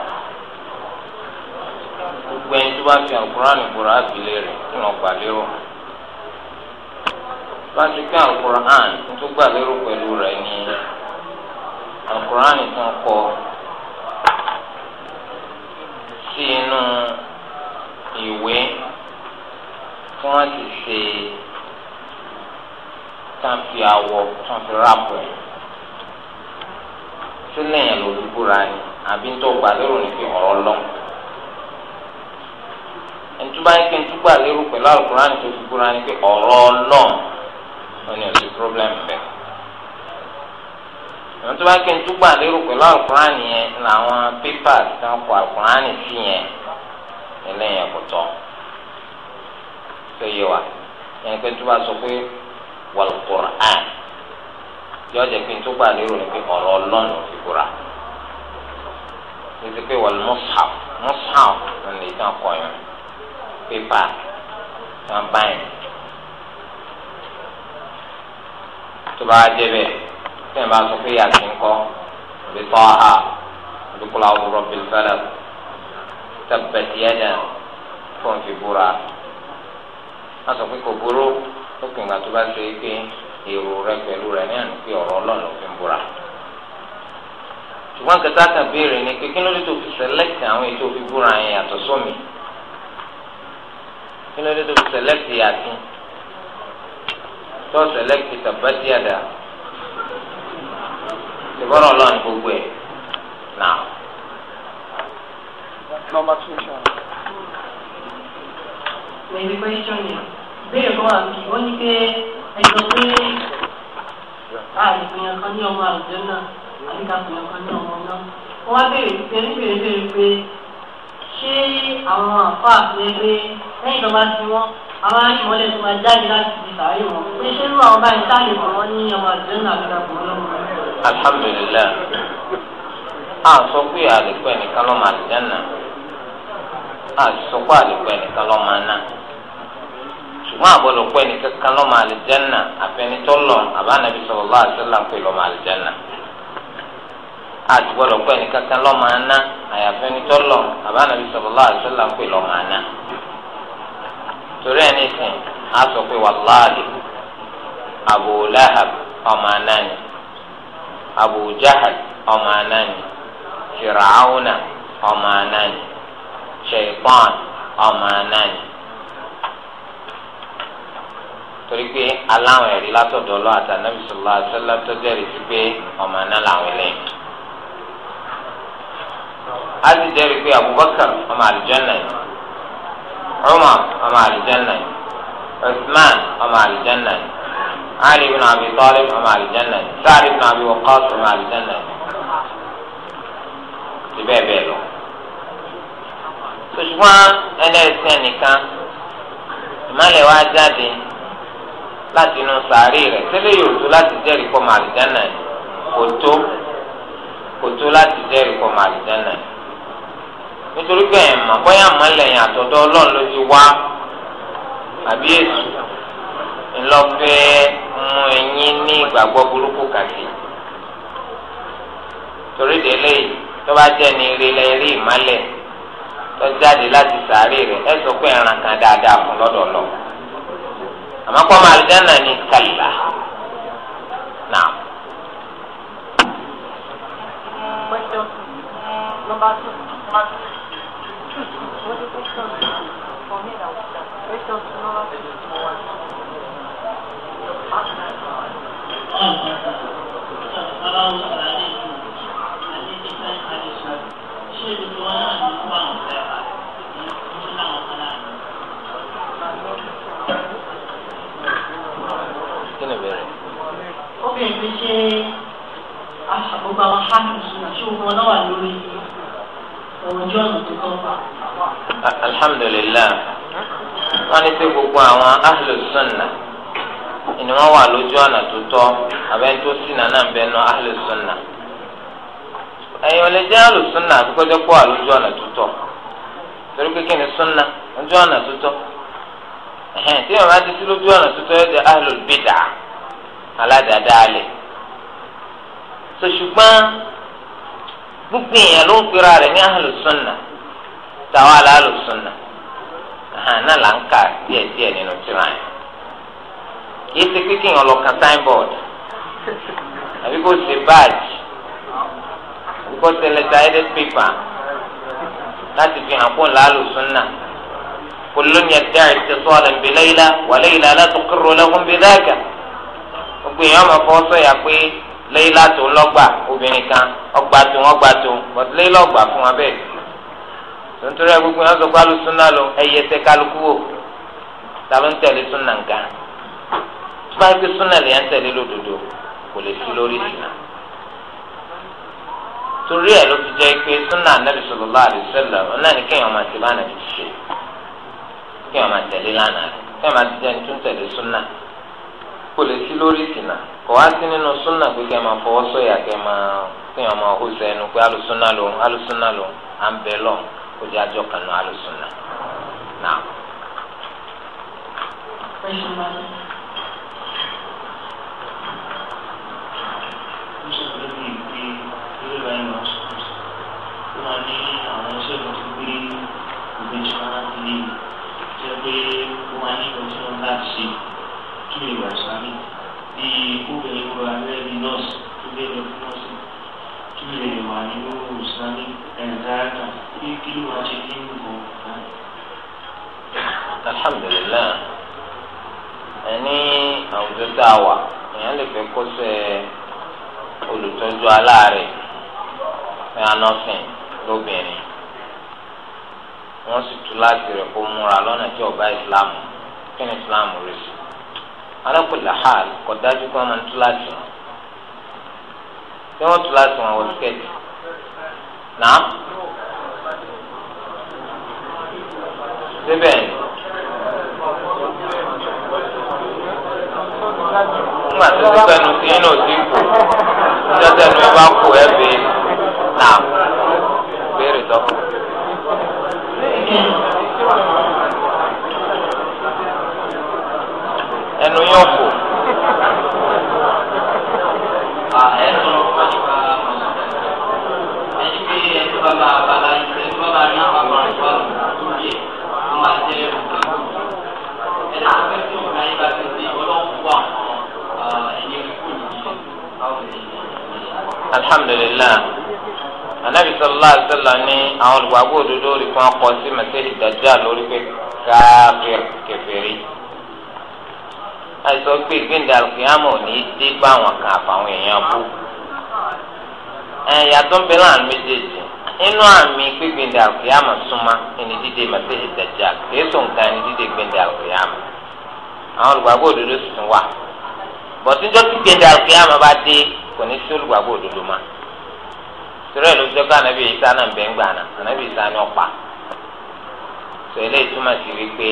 gbogbo ẹni tó bá fi àwòrán ìbúra àbílẹ̀ rẹ̀ gbà lérò pàṣípà alukur'an tó gbà lérò pẹ̀lú rẹ̀ ni alukur'an tó ń kọ sí inú ìwé tí wọ́n ti ṣe tàǹfì àwọ̀ tàǹfì ráàpù ẹ̀ sílẹ̀ yẹn ló dúró ra ni àbí ń tó gbà lérò ní fi ọ̀rọ̀ lọ. ẹ̀ńtúbáyé kí n túgbà lérò pẹ̀lú alukur'an tó fi gbóra ni pé ọ̀rọ̀ náà wọn ni ò sí problem bẹ́ẹ̀. àwọn tó bá kí n túgbà lérò pẹ̀lú àlùkùránì yẹn làwọn pépà tí wọ́n kọ àlùkùránì sí yẹn eléyẹn kò tọ́ tó yé wa yẹn pé tó bá sọ pé wàlùkùránì yóò jẹ́ pé n túgbà lérò ni pé ọ̀rọ̀ ọlọ́run fi kúra títí pé wọ́n mọ́sáf mọ́sáf ní ìtàn kọ̀ọ̀yàn pépà tí wọ́n báyìí. tó bá débẹ̀ tí ẹ̀ bá sọ pé yàtí ń kọ́ àbí tọ́ha àbí kúlọ̀ àwòrán bìlfẹ́lẹ̀ tẹ̀bẹ̀tì ẹ̀dẹ̀ fún fi búra. wọ́n sọ pé kò burú ó pè ńgbà tó bá ṣe pé èrò rẹ pẹ̀lú rẹ ní àná pé ọ̀rọ̀ ọlọ́run fi ń búra. ṣùgbọ́n kẹta kan béèrè ni pé kí ló dé tó fi sẹlẹ́kì àwọn ètò fi búra yẹn yàtọ̀ sómi kí ló dé tó fi sẹlẹ́kì yàtọ̀ tó select peter batiada ṣùgbọ́n ọlọ́run gbogbo ẹ̀ náà. Number two, Sean. My question is, bẹ́ẹ̀ kọ́ àbí wọ́n ní pé ẹjọ́ pé àìsàn kan ní ọmọ àwùjọ náà àti kàkùnrin kan ní ọmọ náà. Wọ́n wá béèrè pẹ̀lú béèrè béèrè pé ṣé àwọn àfáà fẹ́ pé lẹ́yìn tó bá ti wọ́n àwọn aṣèwọlé tó máa jáde láti fi sàárè wọn pé ṣé irú àwọn báyìí sáàlè kọ wọn ní ọmọ àdúgbò náà lọ́dọ̀ kọ lọ́wọ́. alhamdulilayi a sọ pé àlékún ẹnìkan ló máa jẹ́ náà a sọ pé àlékún ẹnìkan ló máa ná ṣùgbọ́n àbọ̀lọpọ̀ ẹnìkan kan ló máa lè jẹ́ náà àfẹnitọ́ lọ àbánabi sọ̀rọ̀ bá àṣẹlá pé ló máa lè jẹ́ náà àti ẹnìkan kan ló máa ná àyàfẹnitọ́ lọ àbánabi sọ̀rọ̀ bá àṣẹlá pé ló máa ná torí ẹ nìsín á sọ pé wàláàlì Abu Lahab ọmọ anáni Abu Jahal ọmọ anáni fìràhùnà ọmọ anáni ṣèpọ́n ọmọ anáni torí pé aláwọn ẹ̀rí látọ̀dọ̀ lọ àtànábì sọlá sọlá tó jẹ́rìí sí pé ọmọ aná làwọn eléyìí. a ti jẹ́rìí pé Abubakar ọmọ àlùjànnà yìí. عمر ọmọ àlìjánà yìí Usman ọmọ àlìjánà yìí Ali ibn Abi Talib ọmọ àlìjánà yìí Sa'd ibn Abi Waqqas ọmọ àlìjánà yìí ti bẹ́ẹ̀ bẹ́ẹ̀ lọ. ṣùgbọ́n ẹlẹ́sìn nìkan ìmọ̀lẹ̀ wa jáde láti inú sàárè rẹ̀ tẹ́lẹ̀ yóò tó láti jẹ́rìí kọ́ màlìjánà kò tó kò tó láti jẹ́rìí kọ́ màlìjánà yìí nítorí bẹ́ẹ̀ mà bóyá mọ́lẹ̀yìn àtọ̀dọ̀ ọlọ́run ló ti wá àbí èsù ńlọ́fẹ́ mú ẹ̀yìn ní ìgbàgbọ́ burúkú kàdé torí délé tọ́ba jẹ́ ní ilé ilé ìmálẹ̀ tó jáde láti sàárè rẹ̀ ẹ sọ pé ẹran kan dáadáa fún lọ́dọ̀ lọ àmọ́ kọ́ máa lè dáná ní kàlá náà. Question number two. gbogbo àwọn ahlus sunnah ni wọ́n wà lójú ọ̀nà tó tọ́ àbẹ́ni tó sì nànà ń bẹnu ahlus sunnah ẹ̀yin ò jẹ́ ahlus sunnah pọ̀ ọ̀nà tó tọ́ torí pé kí ni lójú ọ̀nà tó tọ́ tí wọ́n bá ti sí lójú ọ̀nà tó tọ́ aládàádáalẹ̀ ṣùgbọ́n gbogbo èèyàn ló ń pera rẹ̀ ní tàwa hàn náà là ń kà díẹ̀ díẹ̀ nínú tíra yẹn kìí ṣe pé kí signboard àbí kò ṣe badge àbí kò ṣe letter headed paper láti fi hàn fún làálù súnà kullun yadda'i ittisalan bi Layla wa Layla la tuqirru na bi dhaka gbogbo èèyàn máa fọwọ́ ya pé Layla tó lọ́gbà obìnrin kan ọgbà tó tó but Layla ọgbà fún wa nítorí ẹ gbogbo wọn sọ pé alùsùnà lọ ẹyẹ ẹsẹ kálukú wò tàbí ń tẹ̀lé súnà nǹkan tó bá gbé ń tẹ̀lé lódodo kò lè sí lórí ìsìnà torí ẹ ló fi jẹ́ pé súnà anábì sallallahu alaihi wasallam ọ̀nà ni kéèyàn máa ti bá anábì ṣe kéèyàn máa tẹ̀lé lánàá kéèyàn máa ti kò lè kó jẹ́ àjọ kan náà alùsùn náà. Now. Question one. Wọ́n ṣe ìgbésí ìgbé ìgbé ìgbé ìgbé ìgbé ìgbé alhamdulillah ẹni àwùjọ tá a wà èèyàn lè fẹ́ kó ṣe olùtọ́jú aláàárẹ̀ ní anọ́fìn lóbìnrin wọ́n sì tú láti rẹ̀ kó múra lọ́nà tí ọba islam kí ni islam rí sí alákòlè hàl kò dájú máa tú láti tí wọ́n tú láti wọn wọ́n tíkẹ́tì náà síbẹ̀ ni. mà tó tó sẹnu sí inú òsì kù tó sẹnu ẹ bá kù ẹ bẹ nà béèrè tọkùn. alhamdulilayi anabi sallallahu alaihi wa sallam ní àwọn olùwàgbọ́ òdodo rí fún ọkọ̀ sí mẹsẹ̀lì dájá lórí pé káfíìr kèfèrí àìsàn pé ìgbéǹda alùpùpù ní dé bá àwọn kan àfàwọn èèyàn bú ẹ̀yàtọ̀ ń bẹ láàrin méjèèjì inú àmì gbígbìndé àkùyàmà súnmá ẹni dídé màsíhì dàjà kéésù nǹkan ẹni dídé gbìndé àkùyàmà àwọn olùgbàgbọ́ òdodo sì tún wà bọ̀tíjọ́ tí gbìndé àkùyàmà bá dé kò ní sí olùgbàgbọ́ òdodo ma torí ẹ̀ ló fi dọ́kọ̀ ànábì Ìsá náà bẹ́ẹ̀ ń gbà náà ànábì Ìsá ni ọ̀pá sọ eléyìí túmọ̀ sí wípé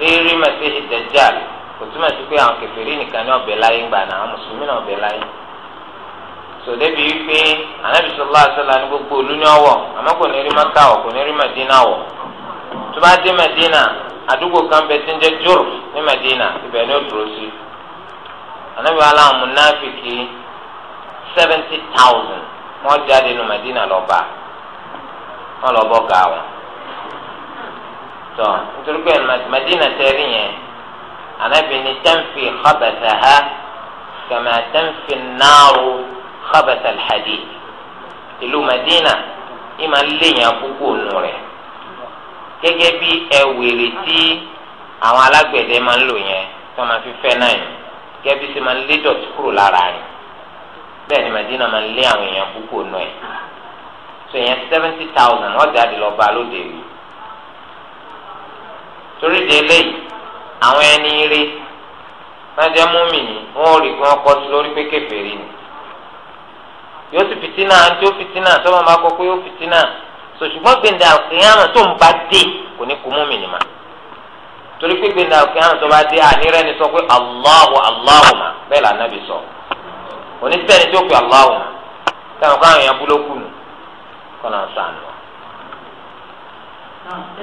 rírí Masihi Dajjal kò túmọ̀ sí pé àwọn kèfèrí nìkan ní ọ̀bẹ láyé ń gbà náà àwọn mùsùlùmí náà ọ̀bẹ láyé sọ débi wípé ànábì sallallahu alaihi wasallam ní gbogbo òlu ní ọwọ́ àmọ́ kò ní rí Mákà wọ̀ kò ní rí Mẹdínà wọ̀ tó bá dé Mẹdínà àdúgbò kan bẹ tí ń jẹ́ Jurf ní Mẹdínà ibẹ̀ ni ó dúró sí i anabi aláwọn munafiki seventy thousand wọn jáde nu Madina lọba wọn lọ bọ ga wọn tọ nítorí pé Madina tẹ́rì yẹn anabi ni tẹ́ǹfì xabata ha kàmá tẹ́ǹfì naaru xabata alhadi ìlú Madina ìmà léyìn àkókò nù rẹ̀ gẹ́gẹ́ bí ẹ̀wèrè tí àwọn alágbẹ̀dẹ máa ń lò yẹn tí wọ́n fi fẹ́ náà yìí. gẹ́bí ṣe ma lé dọ̀tí kúrò lára rẹ̀ ni Madina ma lé àwọn èèyàn púpọ̀ nù so èèyàn seventy thousand wọ́n jáde lọ bá lóde rí torí de eléyìí àwọn ẹni rí wọ́n jẹ́ múmìnì wọ́n rí kí wọ́n kọ́ sí lórí pé ni yóò sì àti yóò so tó ń dé kò ní kú torí pé gbẹ̀ndà òkèèyàn tó bá dé ànírẹ́ ni sọ pé Allahu Allahumma bẹ́ẹ̀ lànàbì sọ onísẹ́ni tó pè Allahumma táwọn kan àwọn èèyàn búlókù nù kọ́ náà sànù.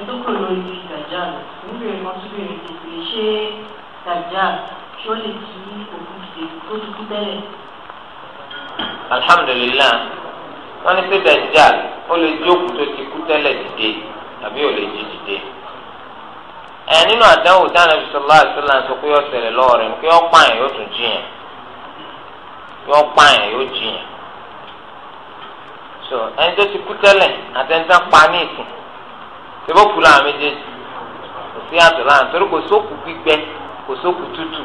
ẹ̀dọ́kọ̀ lórí dàjà níbẹ̀rẹ̀ kan tún bèrè kékeré ṣé dàjà ṣó lè kí òkú ṣe tó dúdú tẹ́lẹ̀. alhamdulilayi wọn ní pé dàjà ó lè jókòó tó ti kú tẹ́lẹ̀ dìde àbí ó lè jí dìde. ẹ nínú àdánwò tí anabi sọlá ń sọ pé yọ yọ yóò tún jiyàn yọ yóò jiyàn so ẹni tó ti kú tẹ́lẹ̀ àti ẹni tó pa ní ìsìn ṣébó kú láwọn méjèèjì kò sí kò sóòkù gbígbẹ kò sóòkù tútù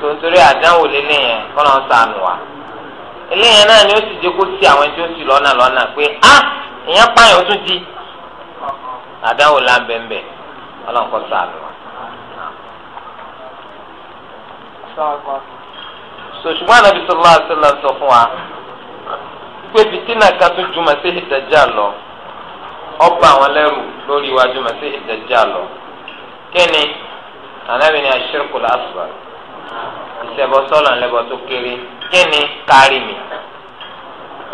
so nítorí àdánwò kọ́nà ọ̀sán náà ni ó sì jẹ́ kó sí àwọn ẹni tó sì lọ́nà lọ́nà ah! ìyẹn pààyàn ó tún di àdáwò láńbẹ̀ńbẹ̀ ọlọ́run kọ́ sàánù wa. sòṣùgbọ́n ànábi sallallahu alaihi sọ fún wa pé fìtínà kan tún ju Masihi Dajjal lọ ọba àwọn lẹ́rù lórí iwájú Masihi Dajjal lọ kíni ànábi ni ash-shirkul ìṣẹ̀bọ sọ́là ńlẹ́bọ tó kéré kíni kárìmì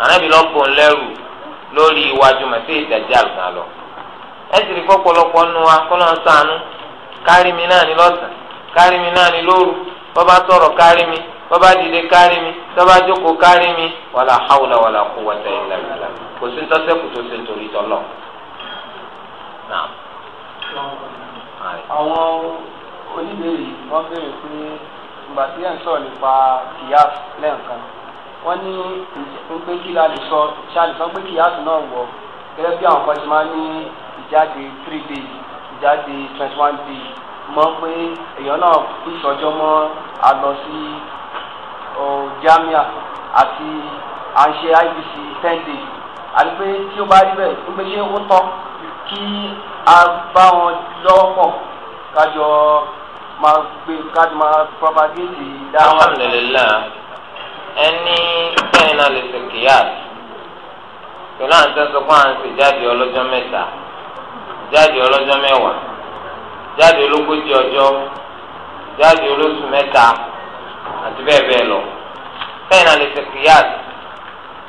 ànábi lọ́gbọ̀n lẹ́rù. lórí iwájú màtí ìdájàl kan lọ ẹ sì rí pọpọlọpọ nu wa kọ́ lọ́n sànú kárí mi náà ní lọ́sàn kárí mi náà ní lóru bọ́bá sọ̀rọ̀ kárí mi bọ́bá dìde kárí mi bọ́bá jókòó kárí mi wàlà hàwùlà wàlà kó wàtà ìlà ìlà kò sí tọ́sẹ̀ kò tó ṣe nítorí tọ́lọ̀. àwọn oníbèrè wọ́n béèrè pé ìgbà tí ẹ̀ ń sọ̀rọ̀ nípa kìyàs lẹ́ǹkan wọ́n ní pé kí la lè sọ ṣáàlì sọ pé kìyàtù náà wọ̀ gẹ́gẹ́ bí àwọn kan ṣe máa ní ìjáde three days ìjáde twenty one days mọ̀ pé èèyàn náà kú ìṣọjọ́ mọ́ a lọ sí jamia àti à ń ṣe ibc ten days àti pé tí ó bá rí bẹ́ẹ̀ ń pé ṣé ó tọ́ kí a bá wọn lọ́pọ̀ kájọ máa gbé kájọ máa propagate dáhùn. alhamdulilayi ẹni sẹ́yìn náà lè ṣe kìyàs pẹ̀lú àwọn sẹ́sọ fún àwọn ṣe jáde ọlọ́jọ́ mẹ́ta jáde ọlọ́jọ́ mẹ́wàá jáde ológójì ọjọ́ jáde olóṣù mẹ́ta àti bẹ́ẹ̀ bẹ́ẹ̀ lọ sẹ́yìn náà lè ṣe kìyàs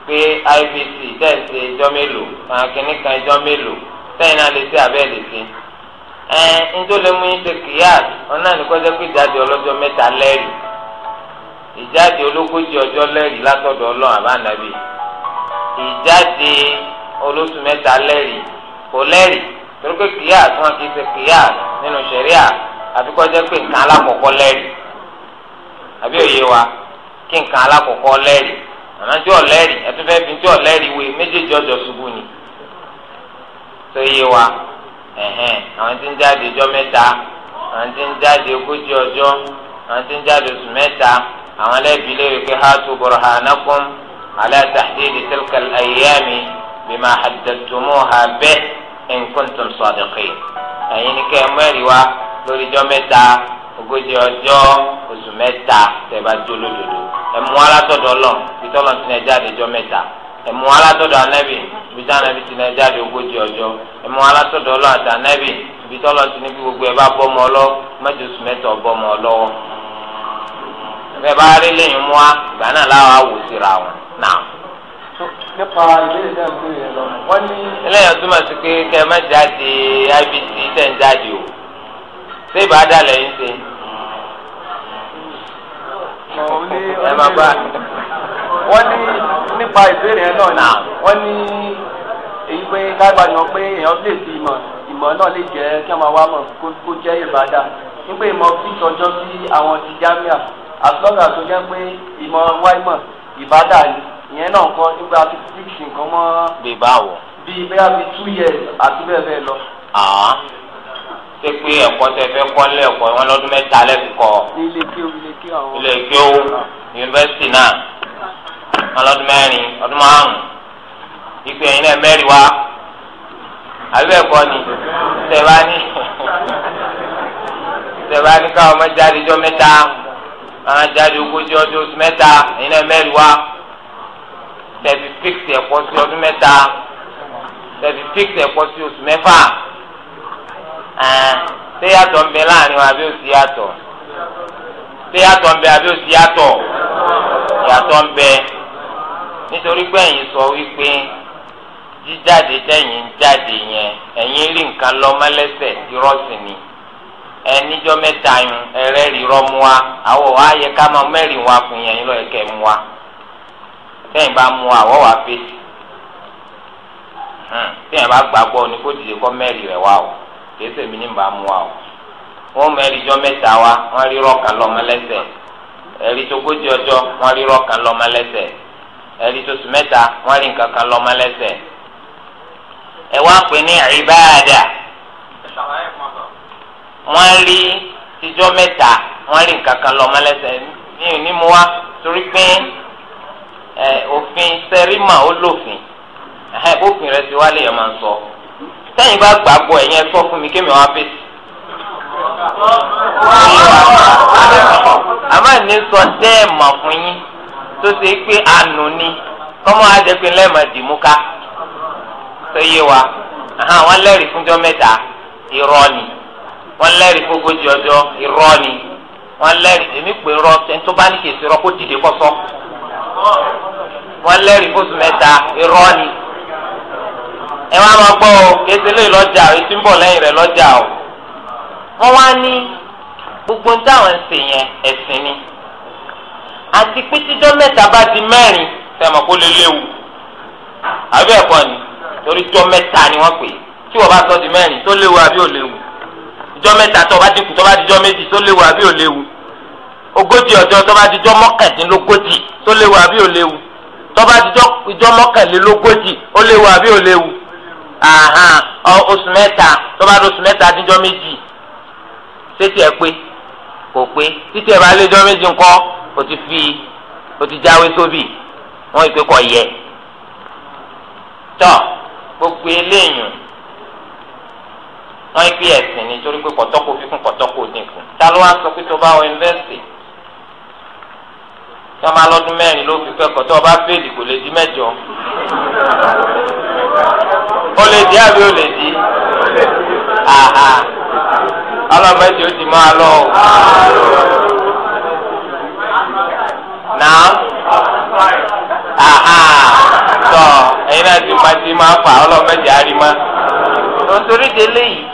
pé IBC tẹ̀sí ẹjọ́ mélòó kìnnì kan ẹjọ́ mélòó sẹ́yìn náà lè ṣe abẹ́ lè ṣe ẹ̀ ń tó lè mú yín ṣe kìyàs ọ̀nà nìkan jẹ́ pé jáde ọlọ́jọ́ mẹ́ta lẹ́rìí. ìjáde ológójì ọjọ́ lẹ́rìí látọ̀dọ̀ ọlọ́run àbánabi ìjáde olóṣù mẹ́ta lẹ́rìí kò lẹ́rìí torí pé kìíyà tí wọ́n ti ṣe kìíyà nínú ṣẹ̀ríà àfi jẹ́ pé nǹkan alákọ̀ọ́kọ́ lẹ́rìí àbí òye wa kí nǹkan alákọ̀ọ́kọ́ lẹ́rìí ẹtú fẹ́ fi wé méjèèjì ọjọ́ ṣubú ni tó àwọn ẹlẹ́bi léèrè pé hatu burhanakum ala tahdidi tilka al-ayyami bima haddathumuha bihi in kuntum sadiqin ẹ̀yin ni kẹ́ ẹ mẹ́rin wa lórí ijọ́ mẹ́ta ogójì ọjọ́ oṣù mẹ́ta tẹ̀bá jó lódodo ẹ̀mú alátọ̀dọ̀ lọ bitọ́lọ̀ ti nà jáde ijọ́ mẹ́ta ẹ̀mú alátọ̀dọ̀ anabi bitọ́ anabi ti nà jáde ogójì ọjọ́ ẹ̀mú alátọ̀dọ̀ lọ àti anabi bitọ́lọ̀ ti ní gbogbo ẹ̀ bá bọ́ mọ́ ọ mẹ́jọ oṣù mẹ́ta ọ ẹ bá rí lẹ́yìn mú wa ìgbà náà síra wọn náà. nípa ìbéèrè náà lọ wọn ní. eléyàn túmọ̀ sí pé kẹ́ ẹ má jáde IBC tẹ̀ ń o ṣe. ẹ má bá wọ́n ní nípa ìbéèrè yẹn náà náà wọ́n ní èyí pé kágbàyàn pé èèyàn lè fi ìmọ̀ ìmọ̀ náà lè jẹ́ kí wọ́n wá mọ̀ kó jẹ́ àtúntọ́gà tó jẹ́ pé ìmọ̀ wáìmọ̀ ìbádà ìyẹn náà kọ́ nígbà tí six nǹkan mọ́. bèbá wọ. bíi bẹ́ẹ̀ bíi two years àti bẹ́ẹ̀ bẹ́ẹ̀ lọ. ṣé pé ẹ̀kọ́ tẹ fẹ́ kọ́ lẹ́ẹ̀kọ́ wọn lọ́dún mẹ́ta lẹ́ẹ̀kọ́ kọ́. ilé kí o ilé kí àwọn. ilé kí o yunifásitì náà wọn lọ́dún mẹ́rin ọdún márùn-ún ìpè ẹ̀yin náà mẹ́rin wá àbí ẹ̀kọ́ ni tẹ̀ bá ní tẹ̀ bá ní káwọn ọmọ jáde mẹ́ta àwọn ajáde ogójì ọdún oṣù mẹ́ta ẹ̀yin náà mẹ́rin wá thirty six ẹ̀kọ́ sí ọdún mẹ́ta thirty six ẹ̀kọ́ sí oṣù mẹ́fà ṣé yàtọ̀ ń bẹ láàrin wa bí ó sì yàtọ̀ ṣé yàtọ̀ ń bẹ àbí ó sì yàtọ̀ yàtọ̀ ń bẹ nítorí pé ẹ̀yin sọ wípé jíjáde tẹ̀yìn jáde yẹn ẹ̀yin rí nǹkan lọ́mọlẹ́sẹ̀ irọ́ sì ni. ẹnijọ́ mẹ́ta mẹta ẹrẹ́ rírọ́ mu wa àwọ̀ wa yẹ mẹri máa mẹ́rin wa fún yẹn lọ́ọ́ ẹ̀kẹ́ mu wa tẹ́yìn bá mu àwọ̀ wa fèsì hmm, tẹ́yìn bá gbàgbọ́ ni kó dìde kọ́ mẹ́rin rẹ̀ wa o kèsè mi ní bá mu wa o wọ́n mẹ́rin jọ́ mẹta wa wọ́n rírọ́ kan lọ́mọ lẹ́sẹ̀ tó gójì ọjọ́ wọ́n rírọ́ kan lọ́mọ lẹ́sẹ̀ tó sùn mẹ́ta rí nǹkan kan lọ́mọ wá pè ní ìbáàdà. wọ́n rí tíjọ́ mẹ́ta wọ́n rí nǹkan kan lọ mọ́lẹ́sẹ̀ ní onímú torí pé òfin sẹ́rímà ó lòfin bófin rẹ̀ ti wá lè yọ máa ń sọ sẹ́yìn bá gbàgbọ́ ẹ̀yẹn sọ fún mi kémi wá fèsì. àmọ́ ní sọ pé àánú ni kọ́mọ́ àjẹpín ká àwọn lẹ́rìí wọ́n lẹ́rìí fógójì ọjọ́ irọ́ ni wọ́n lẹ́rìí èmi pè rọ ẹni tó bá ní kèsì rọ kó dìde kọ́sọ́ wọ́n lẹ́rìí fóṣù mẹ́ta irọ́ ni ẹ wá máa gbọ́ o kèsì lè lọ́jà o etí ń bọ̀ lẹ́yìn rẹ̀ lọ́jà o wọ́n wá ní gbogbo ń dáhùn ẹsẹ̀ yẹn ẹ̀sìn ni àti pé tíjọ́ mẹ́ta bá di mẹ́rin sẹ́mọ̀ kó lè léwu àbí ẹ̀kọ́ ni torí jọ́ mẹ́ta ni wọ́n pè tí wọ́n bá sọ di mẹ́rin tó léwu àbí ò léwu ìjọ mẹ́ta tó bá ti kù tó bá ti jọ méjì tó léwu àbí ò léwu ogójì ọjọ́ tó bá ti jọ mọ́kàndínlógójì tó léwu àbí ò léwu tó bá ti jọ ìjọ ó léwu àbí ò léwu oṣù mẹ́ta tó bá oṣù mẹ́ta díjọ méjì sétí ẹ pé kò pé títí ẹ bá léjọ méjì ńkọ́ o ti fi o ti jáwé sóbì wọn ìpè kọ yẹ tọ gbogbo eléyìí wọ́n ń pè ẹ̀sìn ni torí pé kọ̀tọ́kù fífún kọ̀tọ́kù dínkù ta ló wá sọ pé tó bá wọ yunifásitì yọ máa lọ́dún mẹ́rin ló fi kẹ́kọ̀ọ́ tó o bá fèlì kò lè di mẹ́jọ o lè di àbí ó lè di ọlọ́mọdé ó ti máa lọ o. náà tọ ẹ̀yin náà ti máa ti máa fà ọlọ́mọdé á rí ma. nítorí délé yìí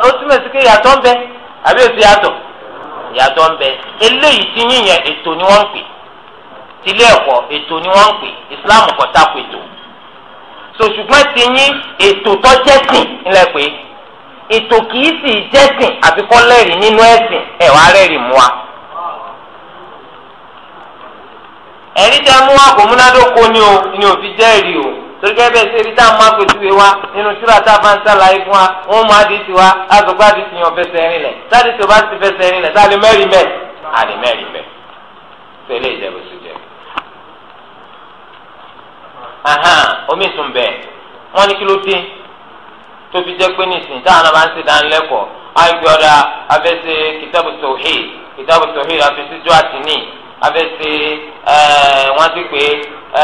ó túmọ̀ sí pé ìyàtọ̀ ń bẹ àbí èsì yàtọ̀ ìyàtọ̀ ń bẹ eléyìí ti yíyan ètò ni wọ́n ń pè tilé ẹ̀kọ́ ètò ni wọ́n ń pè Islam kò tako ètò so ṣùgbọ́n ti yín ètò tó jẹ́sìn ńlẹ̀ pé ètò kìí sì jẹ́sìn àfikọ́ lẹ́rìí nínú ẹ̀sìn ẹ̀wà rẹ́rìí mú wa. ẹ̀rí tẹ́ mú wa kò múnádóko ni ò fi jẹ́rìí o torí kẹ́ bẹ́ẹ̀ ṣe ibi tá a máa wa nínú tíra tá a bá ń sàlàyé fún wa wọ́n mú àdìsí wa àgbègbè àdìsí yàn fẹsẹ̀ rìn lẹ̀ sáàdìsí o bá ti fẹsẹ̀ rìn lẹ̀ sáàlì mẹ́rin mẹ́ àlè mẹ́rin mẹ́ tó ilé ìjẹ́bù sí jẹ́. omi sùn bẹ́ẹ̀ wọ́n ní kí ló dé tó fi jẹ́ pé nìsín táwọn náà bá ń ṣe dánilẹ́kọ̀ọ́ àìgbọ́dọ̀ abẹ́sẹ̀ kìtàbù tòhí kìtàbù tòhí àfẹ́sẹ́jọ́ àtìní abẹ́sẹ̀ eh, wọ́n ti pè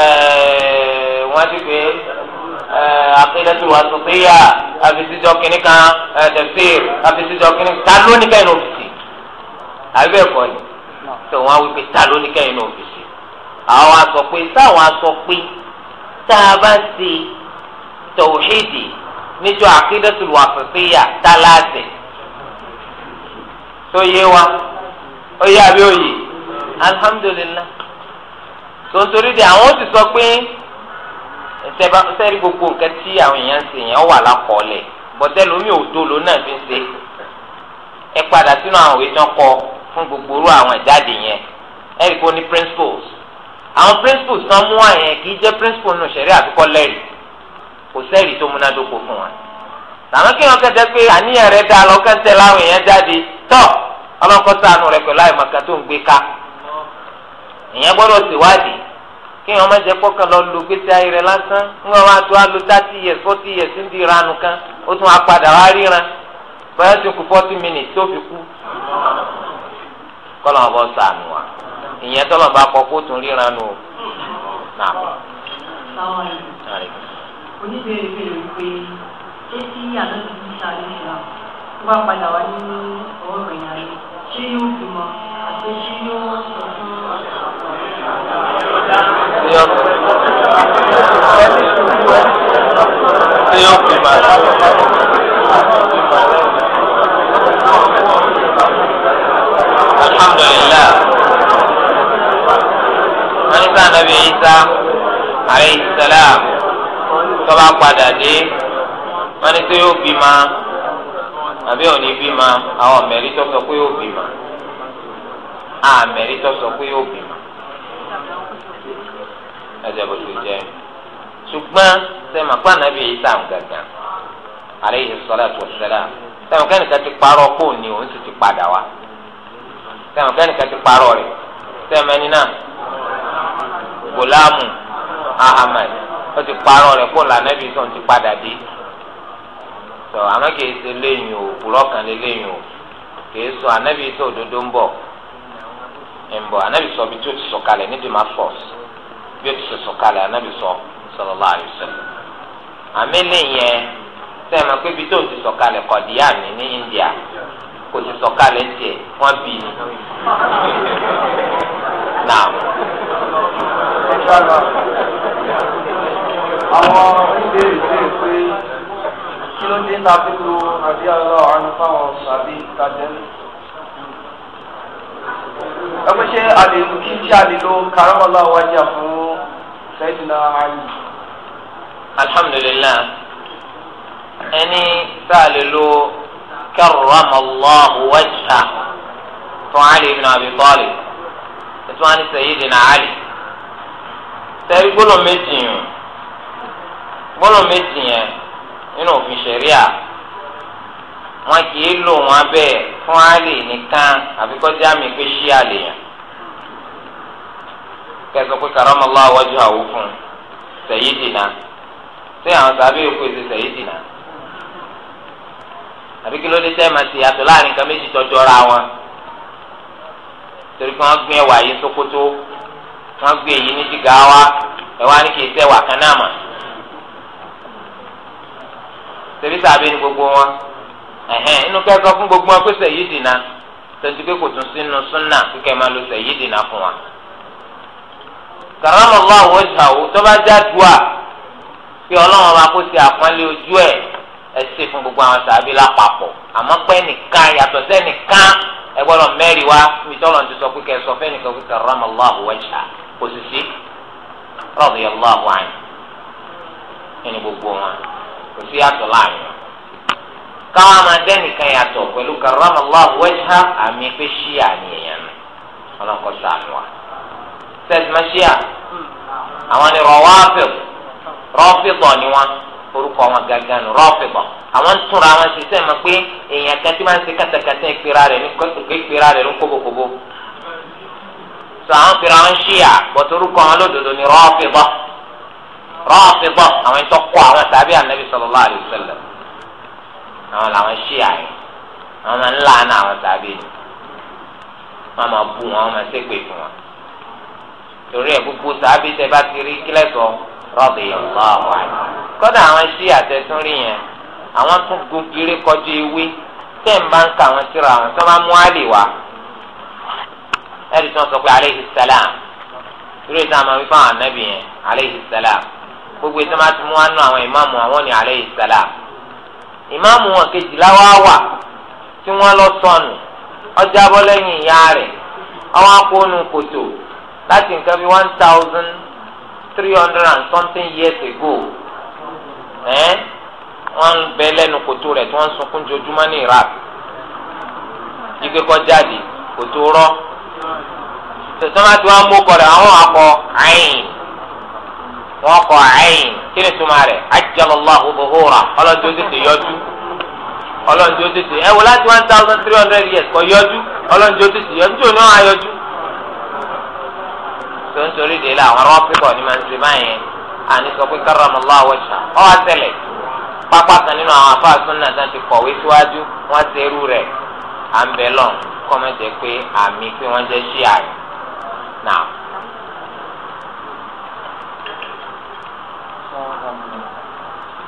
eh, wọ́n ti pè akíndẹ́tù wa sọ̀tẹ́yà abisijọ́ kìnnì kan eh, tẹ̀síìr abisijọ́ kìnnì ta ló ní kẹ́yìn òfìsì àbẹ́ ẹ̀kọ́ ni tó wọ́n á wí pé ta ló ní kẹ́yìn òfìsì àwọn aṣọ pé táwọn aṣọ pé tá a bá ṣe tọ̀wọ́hídì níjọ akíndẹ́tù wa sọ̀tẹ́yà tá láti tó yé wa ó yé àbí òye. alhamdulillah tó di de àwọn ti sọ pé sẹ́rí gbogbo nǹkan tí àwọn èèyàn ń ṣe yẹn wà la bọ́tẹ́ lómi ò tó lónà fi ń ṣe ẹ padà sínú àwọn òwe tán kọ fún gbogbo orú àwọn ìjáde yẹn ẹ rí kó ní principles àwọn principles tán mú àyẹn kì í jẹ́ principles nù sẹ́rí àfikọ́ lẹ́rìí kò tó múnádóko fún wa kí ìyẹn gbọdọ ṣèwádìí kí wọn máa jẹ kọkàn lọ lu gbèsè ayé rẹ lásán ń wọn máa tó a lu years forty years ń ìranu kan ó tún apadà wá ríran bóyá tún kú tó fi kú kọ́lọ̀ ọ̀bọ sànù wa ìyẹn tọ́lọ̀ bá kọ kó tún ríran nù ṣé tí ti fi Senhor, que Alhamdulillah. àwọn mẹ́rin sọ pé yóò bímọ. Àmẹ́rin sọ pé yóò bímọ. bó ti ṣùgbọ́n sẹ́mi àpá nàbí yìí sàn gàgà alayhi salatu wassalam sẹ́mi kẹ́ni ká ti parọ́ kó ní òun sì ti padà wá sẹ́mi kẹ́ni ti parọ́ rẹ̀ ẹni náà ahamad ó ti parọ́ rẹ̀ kó lànàbí ti padà dé sọ àmọ́ kìí ṣe léyìn o òpùrọ́ kan lé léyìn o kìí sọ ànábì sọ òdodo ń bọ̀ ń bọ̀ ànábì sọ bí tí o ti sọ kalẹ̀ ní bí ti sọ kalẹ̀ ànábì sọ. sallallahu alaihi yẹn sẹ́yìn pé ibi tó sọ̀kalẹ̀ mi ní India kò ti sọ̀kalẹ̀ tiẹ̀ wọn bì í. Naam. Àwọn ìbéèrè ṣe pé kí ló dé ta fi lo àbí ọlọ́ fáwọn tàbí tàbí ẹ pé ṣé a lè kí ṣé a lè lo wájà alhamdulilah ẹni sáàlì ló karramallahu wajha fún ali ibn abi talib ètò wọn ni sayyidina ali sẹ́yìn gbọ́dọ̀ méjì yẹn gbọ́dọ̀ méjì yẹn nínú òfin ṣẹ̀ríà wọn kì í lò wọn bẹ́ẹ̀ fún ali nìkan àbíkọ́jà mi pé ṣí àlè yẹn kẹsàn pé allah wájú àwọn fún sayyidina pé àwọn sábẹ́ yòókù eze sẹ́yìn dìnnà àbí kí ló dé sẹ́yìn àti yàtọ̀ láàrin nǹkan méjì tọ́jọ́ ra wọn torí pé wọ́n gbé ẹwà yìí sókótó wọ́n gbé èyí ní kì í kan náà mà torí gbogbo wọn ẹ̀hẹ́n inú kẹ́kọ̀ọ́ fún gbogbo wọn pé dìnnà pé ọlọ́run ọba kó ṣe àpọ́nlé ojú ẹ̀ ẹ ṣe fún gbogbo àwọn sàbí lápapọ̀ àmọ́ pé nìkan yàtọ̀ sẹ́nìkan ẹ gbọ́dọ̀ mẹ́rin wá mi tọ́lọ̀ ti sọ pé kẹ́ ẹ sọ fẹ́ẹ́ nìkan pé karramallahu wajha kò sì sí radiyallahu anhu ẹni gbogbo wọn kò sí yàtọ̀ láàrin wọn. káwọn máa dẹ́nìkan yàtọ̀ pẹ̀lú karramallahu wajha àmì pé ṣíà ni èèyàn ọlọ́kọ̀ sàmì wa. sẹ́ẹ̀tì máa ṣíà àwọn ni rawafid rọ́fìbọ̀ ni wọ́n orúkọ wọn gangan ni rọ́fìbọ̀ àwọn ń túnra wọn ṣe sẹ́yìn mọ́ pé èèyàn kan tí máa ń ṣe kàtàkàtà ìpera rẹ̀ ní ìpera rẹ̀ ní kóbókóbó sọ àwọn pera wọn ṣíyà bọ̀tọ̀ orúkọ wọn lódodo ni rọ́fìbọ̀ rọ́fìbọ̀ àwọn ìtọ́ kọ àwọn tàbí ànábì sallallahu alaihi wasallam àwọn làwọn ṣíyà yẹn àwọn máa ń láàánú àwọn tàbí ni wọn máa bú wọn wọn máa ṣépè fún wọn torí ẹ̀ gbogbo tàbí tẹ bá ti rí kílẹ̀ sọ radiyallahu anhu kọ́dà àwọn iṣẹ́ àtẹ̀sùnrí yẹn àwọn tún gogire kọjú ewé tẹ́ ń bá ń ka àwọn síra àwọn tó máa mú àlè wá ẹ̀rí tí wọ́n sọ pé aleyhi salam irú ìta àmọ́ wípé àwọn anábì yẹn aleyhi salam gbogbo ìta máa ti mú àánú àwọn ìmáàmù àwọn ní aleyhi salam ìmáàmù wọn kejìlá wá wà tí wọ́n lọ sọnù ọjà bọ́ lẹ́yìn ìyá rẹ̀ àwọn akónú kòtò láti nǹkan bí one thousand three hundred and something years ago ẹ́n wọ́n ń bẹ lẹ́nu kòtò rẹ̀ tí wọ́n ń sunkún jojúmọ́ ní Iraq ike kọ́ jáde kòtò rọ́ tẹ̀sánmá tí wọ́n mú kọ rẹ̀ àwọn akọ ayin wọ́n kọ ayin kí ni tuma rẹ̀ ajjalallahu buhura ọlọ́dún tó tètè yọjú ọlọ́dún tó tètè ẹ wò láti one thousand three hundred years kọ yọjú ọlọ́dún tó tètè yọjú tó ní wọn ayọjú tó ń torí de la àwọn rọ́pìkọ̀ ni màá ń ṣe báyẹn àní sọ pé karramallahu wajha ọ́ wá tẹ̀lẹ̀ pápá kan nínú àwọn afá súnà tán ti kọ̀wé síwájú wọ́n ṣe irú rẹ̀ à ń bẹ lọ́n kọ́mọ jẹ́ pé àmì pé wọ́n jẹ́ ṣíà rẹ̀ náà.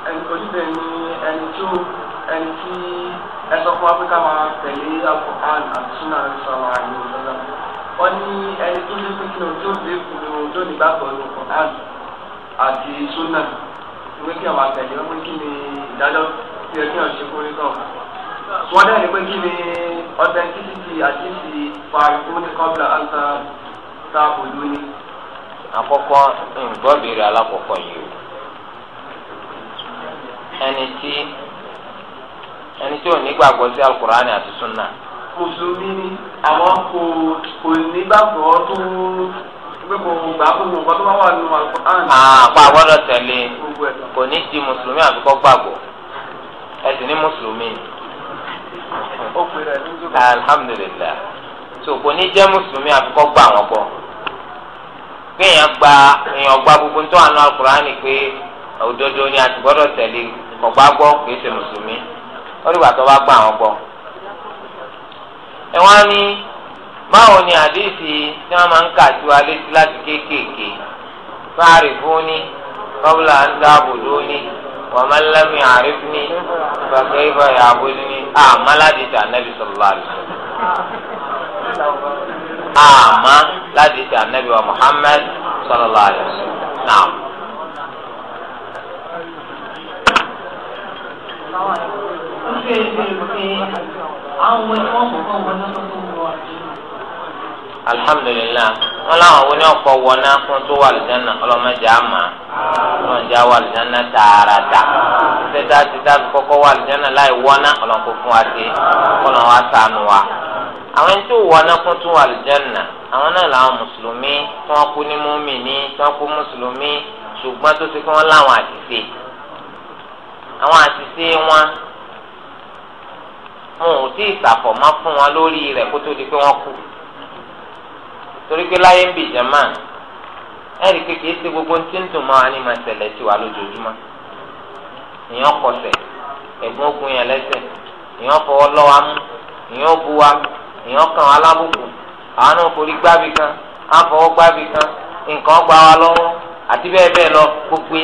ẹni ojúbẹ ni ẹni tó ẹni tí ẹ sọ fún Áfíríkà máa tẹ̀lé àkọ́kọ́ àti súnà sọ̀rọ̀ àyè òṣèlú wọ́n ní ẹni tó lé fún nínú tó lé fún un tó ní gbàgbọ́ ní Quran àti Sunnah ìwé kí àwọn àtẹ̀lé wọn pé kí ni ìdájọ́ tí ẹ kí wọn ṣe kórè náà wọ́n dẹ́ni pé kí ni authenticity àti ti fàákó ní kọ́bílà ansa táàbù lóní. nǹkan béèrè alákọ̀ọ́kọ́ yìí o ẹni tí ẹni tí ò ní gbàgbọ́ sí alukur'ani àti Sunnah mùsùlùmí ni àwọn kò kò nígbàgbọ́ tó pé kò gbà kó wọn kó tó bá wà nù àlùkòrán. àpá gbọ́dọ̀ tẹ̀lé kò ní di mùsùlùmí àti kọ́ gbàgbọ́ ẹ sì ní mùsùlùmí. alhamdulilayi so kò ní jẹ́ mùsùlùmí àti kọ́ gbà wọn gbọ́ pé èèyàn gba èèyàn gba gbogbo tó wà nù àlùkòrán ni pé òdodo ni àti gbọ́dọ̀ tẹ̀lé kò gbàgbọ́ kò ṣe mùsùlùmí ó dìgbà tó bá gbà wọn gbọ́ ẹ wá ní báwo ni àdéhìsì tí wọ́n máa ń kà ju alẹ́ sí láti kéékèèké fáàrí fún ni kọ́bùlà ń dáàbò lóní wọ́n máa ń lẹ́mí àrífù ní ìgbàgbọ́ ìfọ̀ ìyàbò ní àmàládìjà nẹ́bí sọ̀rọ̀ àlùsọ̀ àmà ládìjà nẹ́bí wa Muhammad sọ̀rọ̀ àlùsọ̀ náà. Thank you àwọn wo ni wọ́n kọ́kọ́ wọ náà tó wọ àdéhùn. alhamdulilayi wọn làwọn wo ni wọn kọ wọ náà fún tó wà lùdánà ọlọmọdé àmà ọlọmọdé àwà lùdánà tààràtà títà títà kọ́kọ́ wà lùdánà láì wọ náà ọlọmọkò fún wa dé kọlọ wa sànù wa àwọn tí ò wọ náà fún tó wà lùdánà àwọn náà làwọn mùsùlùmí tí wọn kú ní múmìnì tí wọn kú mùsùlùmí ṣùgbọ́n tó ti kí wọn láwọn àtìsí àwọn àtìsí wọn. wọn ò tí ì sàfọ̀mọ́ fún wọn lórí rẹ̀ kó tó di pé wọ́n kú torí pé láyé gbogbo tí ń dùn mọ́ wa ní máa ṣẹlẹ̀ sí wa lójoojúmọ́ èèyàn kọsẹ̀ ẹ̀gbọ́n ogun yẹn lẹ́sẹ̀ èèyàn fọwọ́ lọ́ wa mú àti bẹ́ẹ̀ bẹ́ẹ̀ gbogbo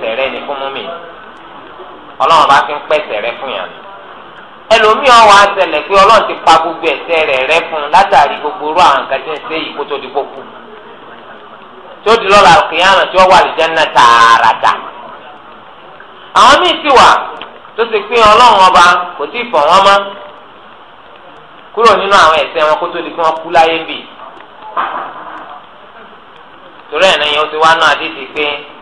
eléyìí ọlọ́run bá fi ń pẹ̀sẹ̀ rẹ fún yàn. ẹlòmíràn wà á ṣẹlẹ̀ pé ọlọ́run ti pa gbogbo ẹ̀ṣẹ̀ rẹ̀ rẹ́ fún un látàrí gbogbo irú àwọn nǹkan tí ń ṣe yìí kó tó di gbókù. tí ó di lọ́la àlùkìyàmọ̀ tí ó wà lìjẹ́ náà tààràtà. àwọn míì sì wà tó ti pín ọlọ́run ọba kò tí ì fọ̀ wọ́n mọ́ kúrò nínú àwọn ẹ̀ṣẹ̀ wọn kó tó di kí wọ́n kú láyé bì. torí ẹ̀ náà yẹn ó ti wá náà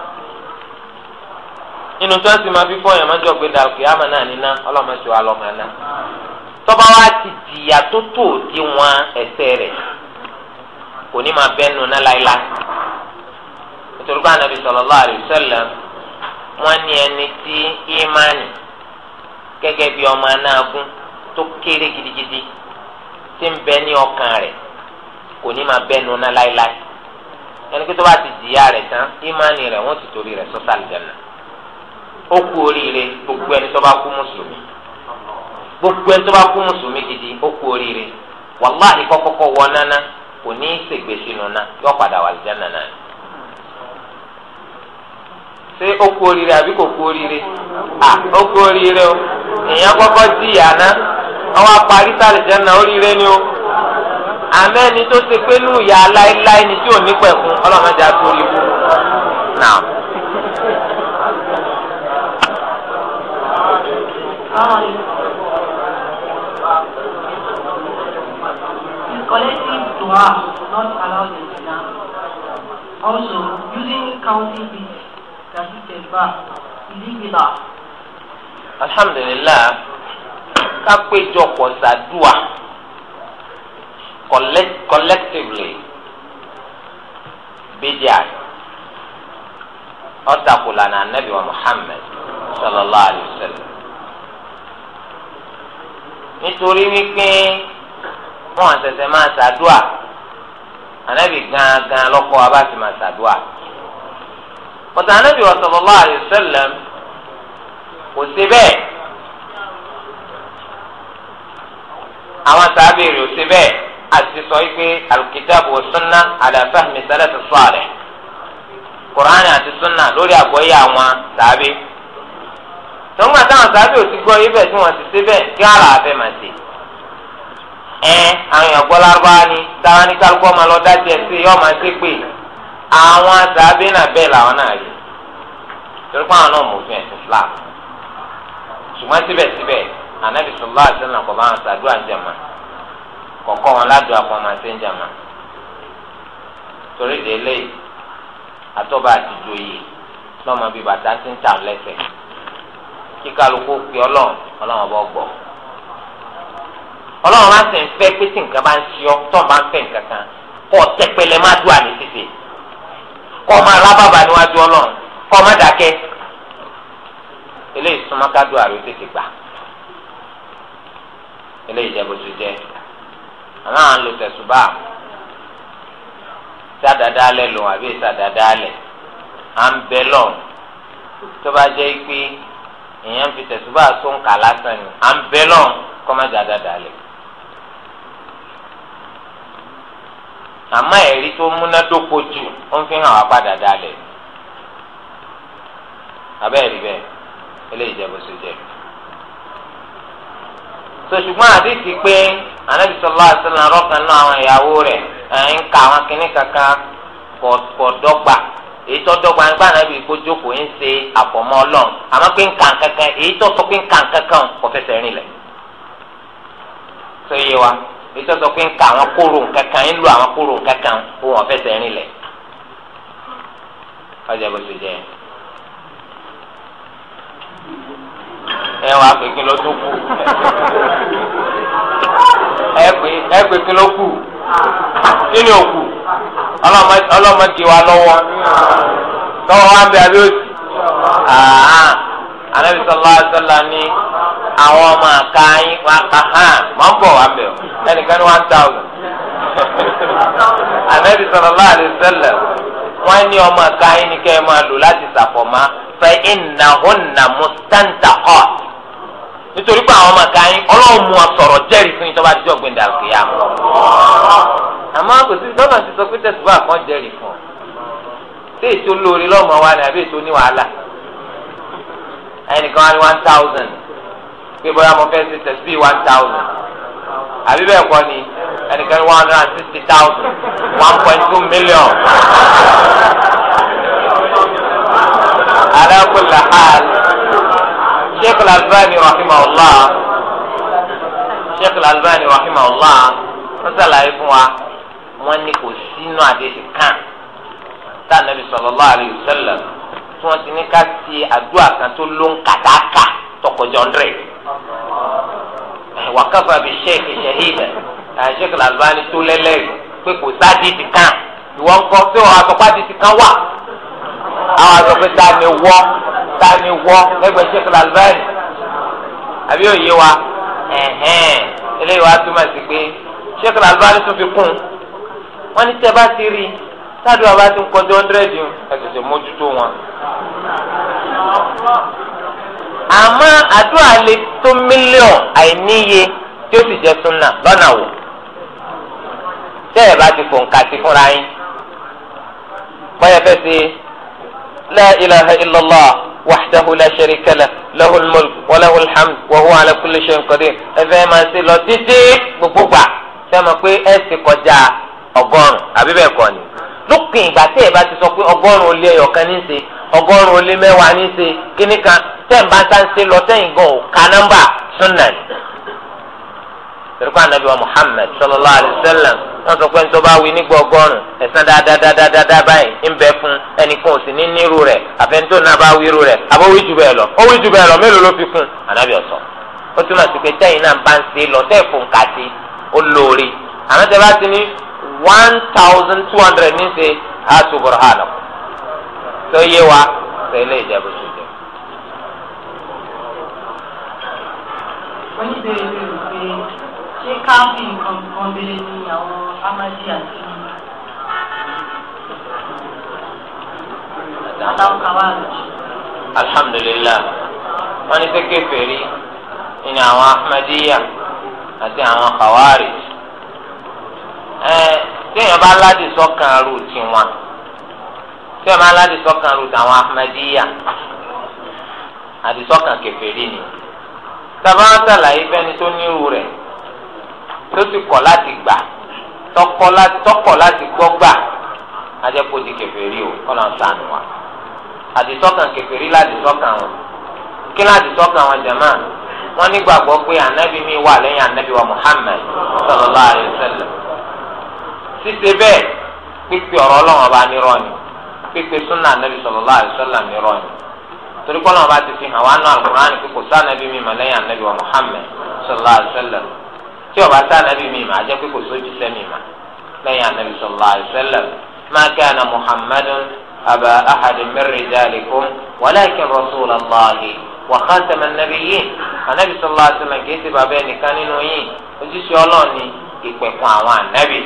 inú tí wọ́n máa fi fọ́ yẹn máa ń jọ pé dàlùkì àmà náà níná ọlọ́mọṣẹ́ wa lọ́mọ náà tọ́ba wa ti jìyà tó tó di wọn ẹsẹ̀ rẹ̀ kò ní máa bẹ́nu náà láéláé nítorí bá anabi sallallahu alaihi wasallam wọ́n ní ẹni tí ìmánì gẹ́gẹ́ bí ọmọ anágún tó kéré gidigidi tí ń bẹ ní ọkàn rẹ̀ kò ní máa bẹ́nu náà láéláé ẹni pé tó ti jìyà rẹ̀ tán ìmánì rẹ̀ wọ́n ti torí rẹ̀ sọ́sàlì jẹ̀nà. ó oríire gbogbo ẹni tó bá kú mùsùlùmí gbogbo ẹni tó bá kú mùsùlùmí gidi ó oríire wàláhì kọ́kọ́kọ́ wọ nánà kò ní í ṣègbè sínú ná yọ padà wà lìjẹ́ nànà. ṣé ó oríire àbí kò kú oríire? à okú oríire o èèyàn kọ́kọ́ oríire ni Is collective dua not allowed in Islam? Also, using counting beats that is tẹ̀síbà is illegal. Alhamdulillah, kápéjọpọ̀ ṣàdúà collect collectively bidia ọtakùlà nà nàbì wa Muhammad sallallahu alayhi wa nítorí wípé wọn àtẹ̀tẹ̀ máa ṣàdúà ànábì gangan lọ́kọ́ wa bá ti máa ṣàdúà. bọ̀dà ànábì sallallahu alaihi wasallam kò sí bẹ́ẹ̀ àwọn sábẹ́ rẹ̀ ò sí bẹ́ẹ̀ àti sọ wípé al-kitab wa sunnah ala fahmi salaf as-salih kùránì àti sunna lórí àgbọ́yé àwọn sábẹ́ lọ́wọ́ àti àwọn sábẹ́ ò ti gbọ́ ibẹ̀ tí wọ́n ti ṣe bẹ́ẹ̀ kí ara abẹ́ máa ṣe. ẹ àwọn èèyàn gbọ́ lárúbáwá ni táwọn ní kálukú ọmọ lọ dájú ẹ sí yọ máa ṣe pé àwọn sábẹ́ náà bẹ́ẹ̀ làwọn náà rí torí pé àwọn náà mọ̀ òfin ẹ̀sìn Islam ṣùgbọ́n síbẹ̀síbẹ̀ anabi sọlá àṣẹlẹ kọ bá wọn ṣàdúrà jàmà kọkọ wọn ládùn àpò ọmọ àti jàmà torí délé àtọ́ba àtijọ́ yìí lọ́mọ bíi bàtà ti ń tà lẹ́sẹ̀ẹ́ kí kálukú pè ọlọ́run ọlọ́run ọba ọgbọ ọlọ́run máa ń sẹ̀ ń fẹ́ pé tí nǹkan bá ń ṣe ọ tó ń bá ń fẹ́ nǹkan kan kọ́ ọ tẹpẹlẹ má dùn àní títì kọ́ ọ máa lábàbà níwájú ọlọ́run kọ́ ọ má dákẹ́ eléyìí súnmọ́ ká dùn àrò títì gbà eléyìí jẹ́ bó ti jẹ́ àwọn àwọn lò tẹ̀sùbà sádàdà alẹ́ lò àbí sádàdà alẹ́ à ń bẹ lọ́run tó bá jẹ́ pé èèyàn fi tẹ̀síbà tó ń kà lásán ni à ń bẹ́ lọ́n kọ́ má jáde dàlẹ́. àmọ́ ẹ̀rí tó múnádóko jù ó ń fi hàn wá padà dàlẹ́. abẹ́ẹ̀rí bẹ́ẹ̀ eléyìí jẹ́ bó ṣe jẹ́. sòṣùgbọ́n àdìsí pé Ànábì sallallahu alaihi wasallam náà àwọn ìyàwó rẹ̀ ń ka àwọn kinní kankan kọ̀ọ̀dọ́gba èyí tó dọ́gba nípa ànábì kó jókòó ń ṣe àfọ̀mọ́ ọlọ́run àmọ́ pé nǹkan kankan èyí tó sọ pé nǹkan kankan kò fẹsẹ̀ rìn lẹ̀. sọ yé wa èyí tó sọ pé nǹkan àwọn kóró kankan ń lo àwọn kóró kankan kó wọn fẹsẹ̀ rìn lẹ̀. ọjà bó ṣe jẹ ẹ wá pé kí tó kù ẹ pé kí kù. nínú òkú ọlọ́mọ ti lọ́wọ́ wa ń bẹ abẹ́ anabi sọlá sọlá ní àwọn ọmọ àka yín wà kàkà mọ̀ ń bọ̀ wà bẹ̀ ẹnìkan ní one thousand anabi sọlá àdìsẹ́lẹ̀ wọ́n ní ọmọ àka yín ní kẹ́ máa lò láti fẹ́ nítorí pé àwọn ọmọ kan yín ọlọ́run mu àsọ̀rọ̀ jẹ́rìí fún yín tó bá dijọ́ gbẹ̀ndà òkè yá mọ́. àmọ́ kò sí tọ́nà ti sọ pé tẹ̀síwá kan jẹ́rìí fún ọ. ṣé ètò lóore lọ́mọ wa ni àbí ètò ní wàhálà? ẹnìkan wá ní one thousand pé bóyá mo fẹ́ ṣe tẹ̀síwí one thousand àbí bẹ́ẹ̀ kọ́ ni ẹnìkan ní one hundred and sixty thousand one point two million. alákùlà hàlù sheikh al-albani rahimahullah sheikh al-albani rahimahullah wọ́n sàlàyé fún wa wọ́n ní kò sínú àdéhùn kan tá a nàbì sallallahu alayhi wa sallam tí wọ́n ti ní ká ti àdúrà kan tó ló ń kàdáka tọkọjọ ndrẹ wa kafa bi sheikh shahida sheikh al-albani tó lẹ́lẹ́rìí pé kò sáà àwọn àgbẹ̀ pé ta ni wọ́ ta ni wọ́ lẹ́gbẹ̀ẹ́ Sheikh Al-Albani àbí òye wa eléyìí wàá túmọ̀ sí pé Sheikh Al-Albani tún fi kún wọ́n ní tẹ́ bá ti rí sádùn àbá ti ń kọjú ọ́ndrẹ́dì ẹ̀sẹ̀sẹ̀ mójútó wọn. àmọ́ àdúrà lè tó mílíọ̀n àìníye tí ó sì jẹ́ súnà lọ́nà wò tẹ́ ẹ̀ bá ti fòǹkà sí fúnra yín bọ́yẹ̀ fẹ́ ṣe. لا إله إلا الله وحده لا شريك له له الملك وله الحمد وهو على كل شيء قدير ẹfẹ máa ṣe lọ títí gbogbo gbà ṣe máa pé ẹ sì kọjá ọgọ́rùn àbí bẹ́ẹ̀ kọ́ ni lópin ìgbà tí ẹ bá ti sọ pé ọgọ́rùn ó lé ẹyọkan ní ṣe ọgọ́rùn ó lé mẹ́wàá ní ṣe kíní kan tẹ n bá ta ń ṣe lọ tẹyìn gan ò ka nọ́mbà súnà ni tẹ̀rẹ̀kọ́ anabi wa muhammed sallallahu alayhi wa sallam wọ́n sọ pé ní tó bá wí nígbà ọgọ́rùn ẹ̀sán dáadáadáadáa báyìí ń bẹ fún ẹnìkan ò sì ní nírú rẹ̀ àfẹnitó náà bá wí irú rẹ̀ àbó wí jù bẹ́ẹ̀ lọ ó wí jù bẹ́ẹ̀ lọ mélòó ló fi kún anabi ọ̀sọ́ ó túmọ̀ sí pé tẹ́yìn náà bá ń ṣe lọ tẹ́ fún kàti ó lóore àmọ́ tẹ́ bá ti ní one thousand two hundred ní ṣe àtúbọ̀rọ̀ hà lọ ṣé káàpì nǹkan kan bẹ́ẹ̀ ni àwọn amadi àti àtàwọn kàwá rẹ̀. alhamdulilayi wọn ní pé kèfèrí ni àwọn ahmadiyya àti àwọn kàwárì ẹ téèyàn bá ládì sọ́kàn arú tiwọn téèyàn bá ládì sọ́kàn arú tàwọn ahmadiyya àdìsọ́kàn kèfèrí ni tàbá sàlàyé fẹ́ni tó nírú rẹ̀ tó ti kọ̀ láti gbà tọkọ̀ láti gbọ́ gbà ajẹ́pọ̀ di kèfèrí o kọ́nà sànù wa àdìsọ́kàn kèfèrí ládìsọ́kàn wọn kí ládìsọ́kàn wọn jẹ̀ máa wọ́n nígbàgbọ́ pé ànábì mi wà lẹ́yìn ànábì wa Muhammad sallallahu alaihi wasallam ṣíṣe bẹ́ẹ̀ pípé ọ̀rọ̀ ọlọ́run ọba nírọ̀ ni pípé súnà ànábì sallallahu alaihi wasallam nírọ̀ ni torí kọ́nà ọba ti fi hàn wá náà Al-Qur'an pé kò sí ànábì mi mà lẹ́yìn ànábì wa Muhammad sallallahu alaihi wasallam tí ọba sá anabi mi mà ajẹ́ pé kò sóòjì sẹ́mi mà lẹ́yìn anabi sallallahu alaihi wasallam ma kana muhammadun aba ahadin min rijalikum walakin rasulallahi wa khataman nabiyyin anabi sallallahu alaihi wasallam kìí ṣe bàbá ẹnìkan nínú yín ojúṣe ọlọ́ọ̀ni ìpẹ̀kun àwọn anabi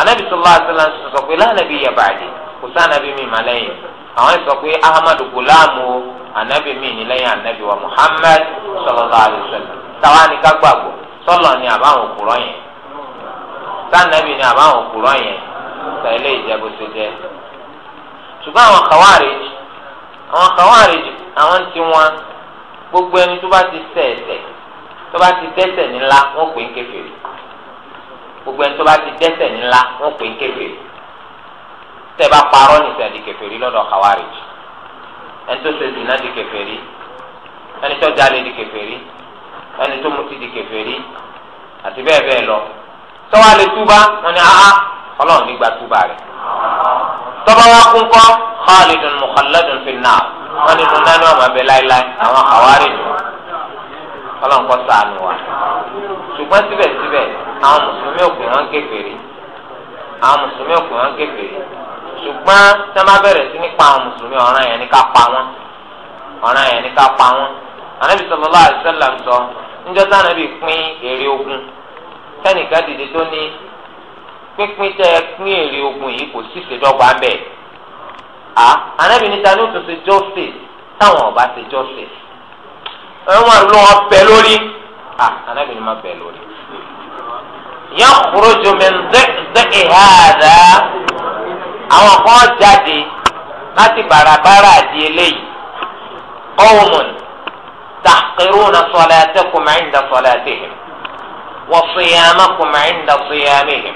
anabi sallallahu alaihi wasallam sọ pé la nabiyya ba'di kò sá anabi mi mà lẹ́yìn àwọn sọ pé ahmadu gulaamu anabi mi ni lẹ́yìn anabi wa muhammad sallallahu alaihi wasallam táwa ni ká gbàgbọ́ sọlọ ni àbáwọn òkúrọ yẹn sànàbì ni àbáwọn òkúrọ yẹn sàlẹ ìjẹbù ṣe jẹ ṣùgbọ́n àwọn kàwáàrèjì àwọn kàwáàrèjì àwọn tí wọn gbogbo ẹni tó bá ti ṣẹ̀ ẹ̀ṣẹ̀ tó bá ti dẹ́ṣẹ̀ ńlá wọn pè ń kèfèrí gbogbo ẹni tó bá ti dẹ́ṣẹ̀ ńlá wọn pè ń kèfèrí tẹ́ bá parọ́ nìṣẹ́ di kèfèrí lọ́dọ̀ kàwáàrèjì ẹni tó ṣe zìnnà di kèfèrí ẹni tó jalè di kèfèrí ẹni tó mutí di kèfèrí àti bẹ́ẹ̀ bẹ́ẹ̀ lọ tọ́wá lè túbá wọn ni áá ọlọ́run nígbà túbá rẹ̀ tọ́ba wa kún kọ́ khalidun mukhalladun fi náà wọn nínú nánú àmọ́ abẹ láéláé àwọn àwárí nù ọlọ́run kọ́ sàánù wa ṣùgbọ́n síbẹ̀síbẹ̀ àwọn mùsùlùmí òkè wọn kèfèrí àwọn mùsùlùmí òkè wọn kèfèrí ṣùgbọ́n sábà bẹ̀rẹ̀ sí ní àwọn mùsùlùmí ọ̀ràn yẹn ní ká pa wọn ọ̀ràn yẹn ní ká pa wọn ànábì sallallahu alaihi wasallam sọ níjọ́ tí ànábì pín èrè ogun kẹ́nìkan dìde tó ní pínpín tẹ́ ẹ pín èrè ogun yìí kò sí ìṣèjọba bẹ́ẹ̀ à ànábì níta ní òtún ṣe justice táwọn ọba ṣe justice ẹ̀wọ̀n ló wọn lórí à ànábì ní ma bẹ̀ lórí. يخرج من ضئضئ هذا àwọn kan jáde láti bàràbàrà di eléyìí ọ̀hún تحقرون صلاتكم عند صلاتهم وصيامكم عند صيامهم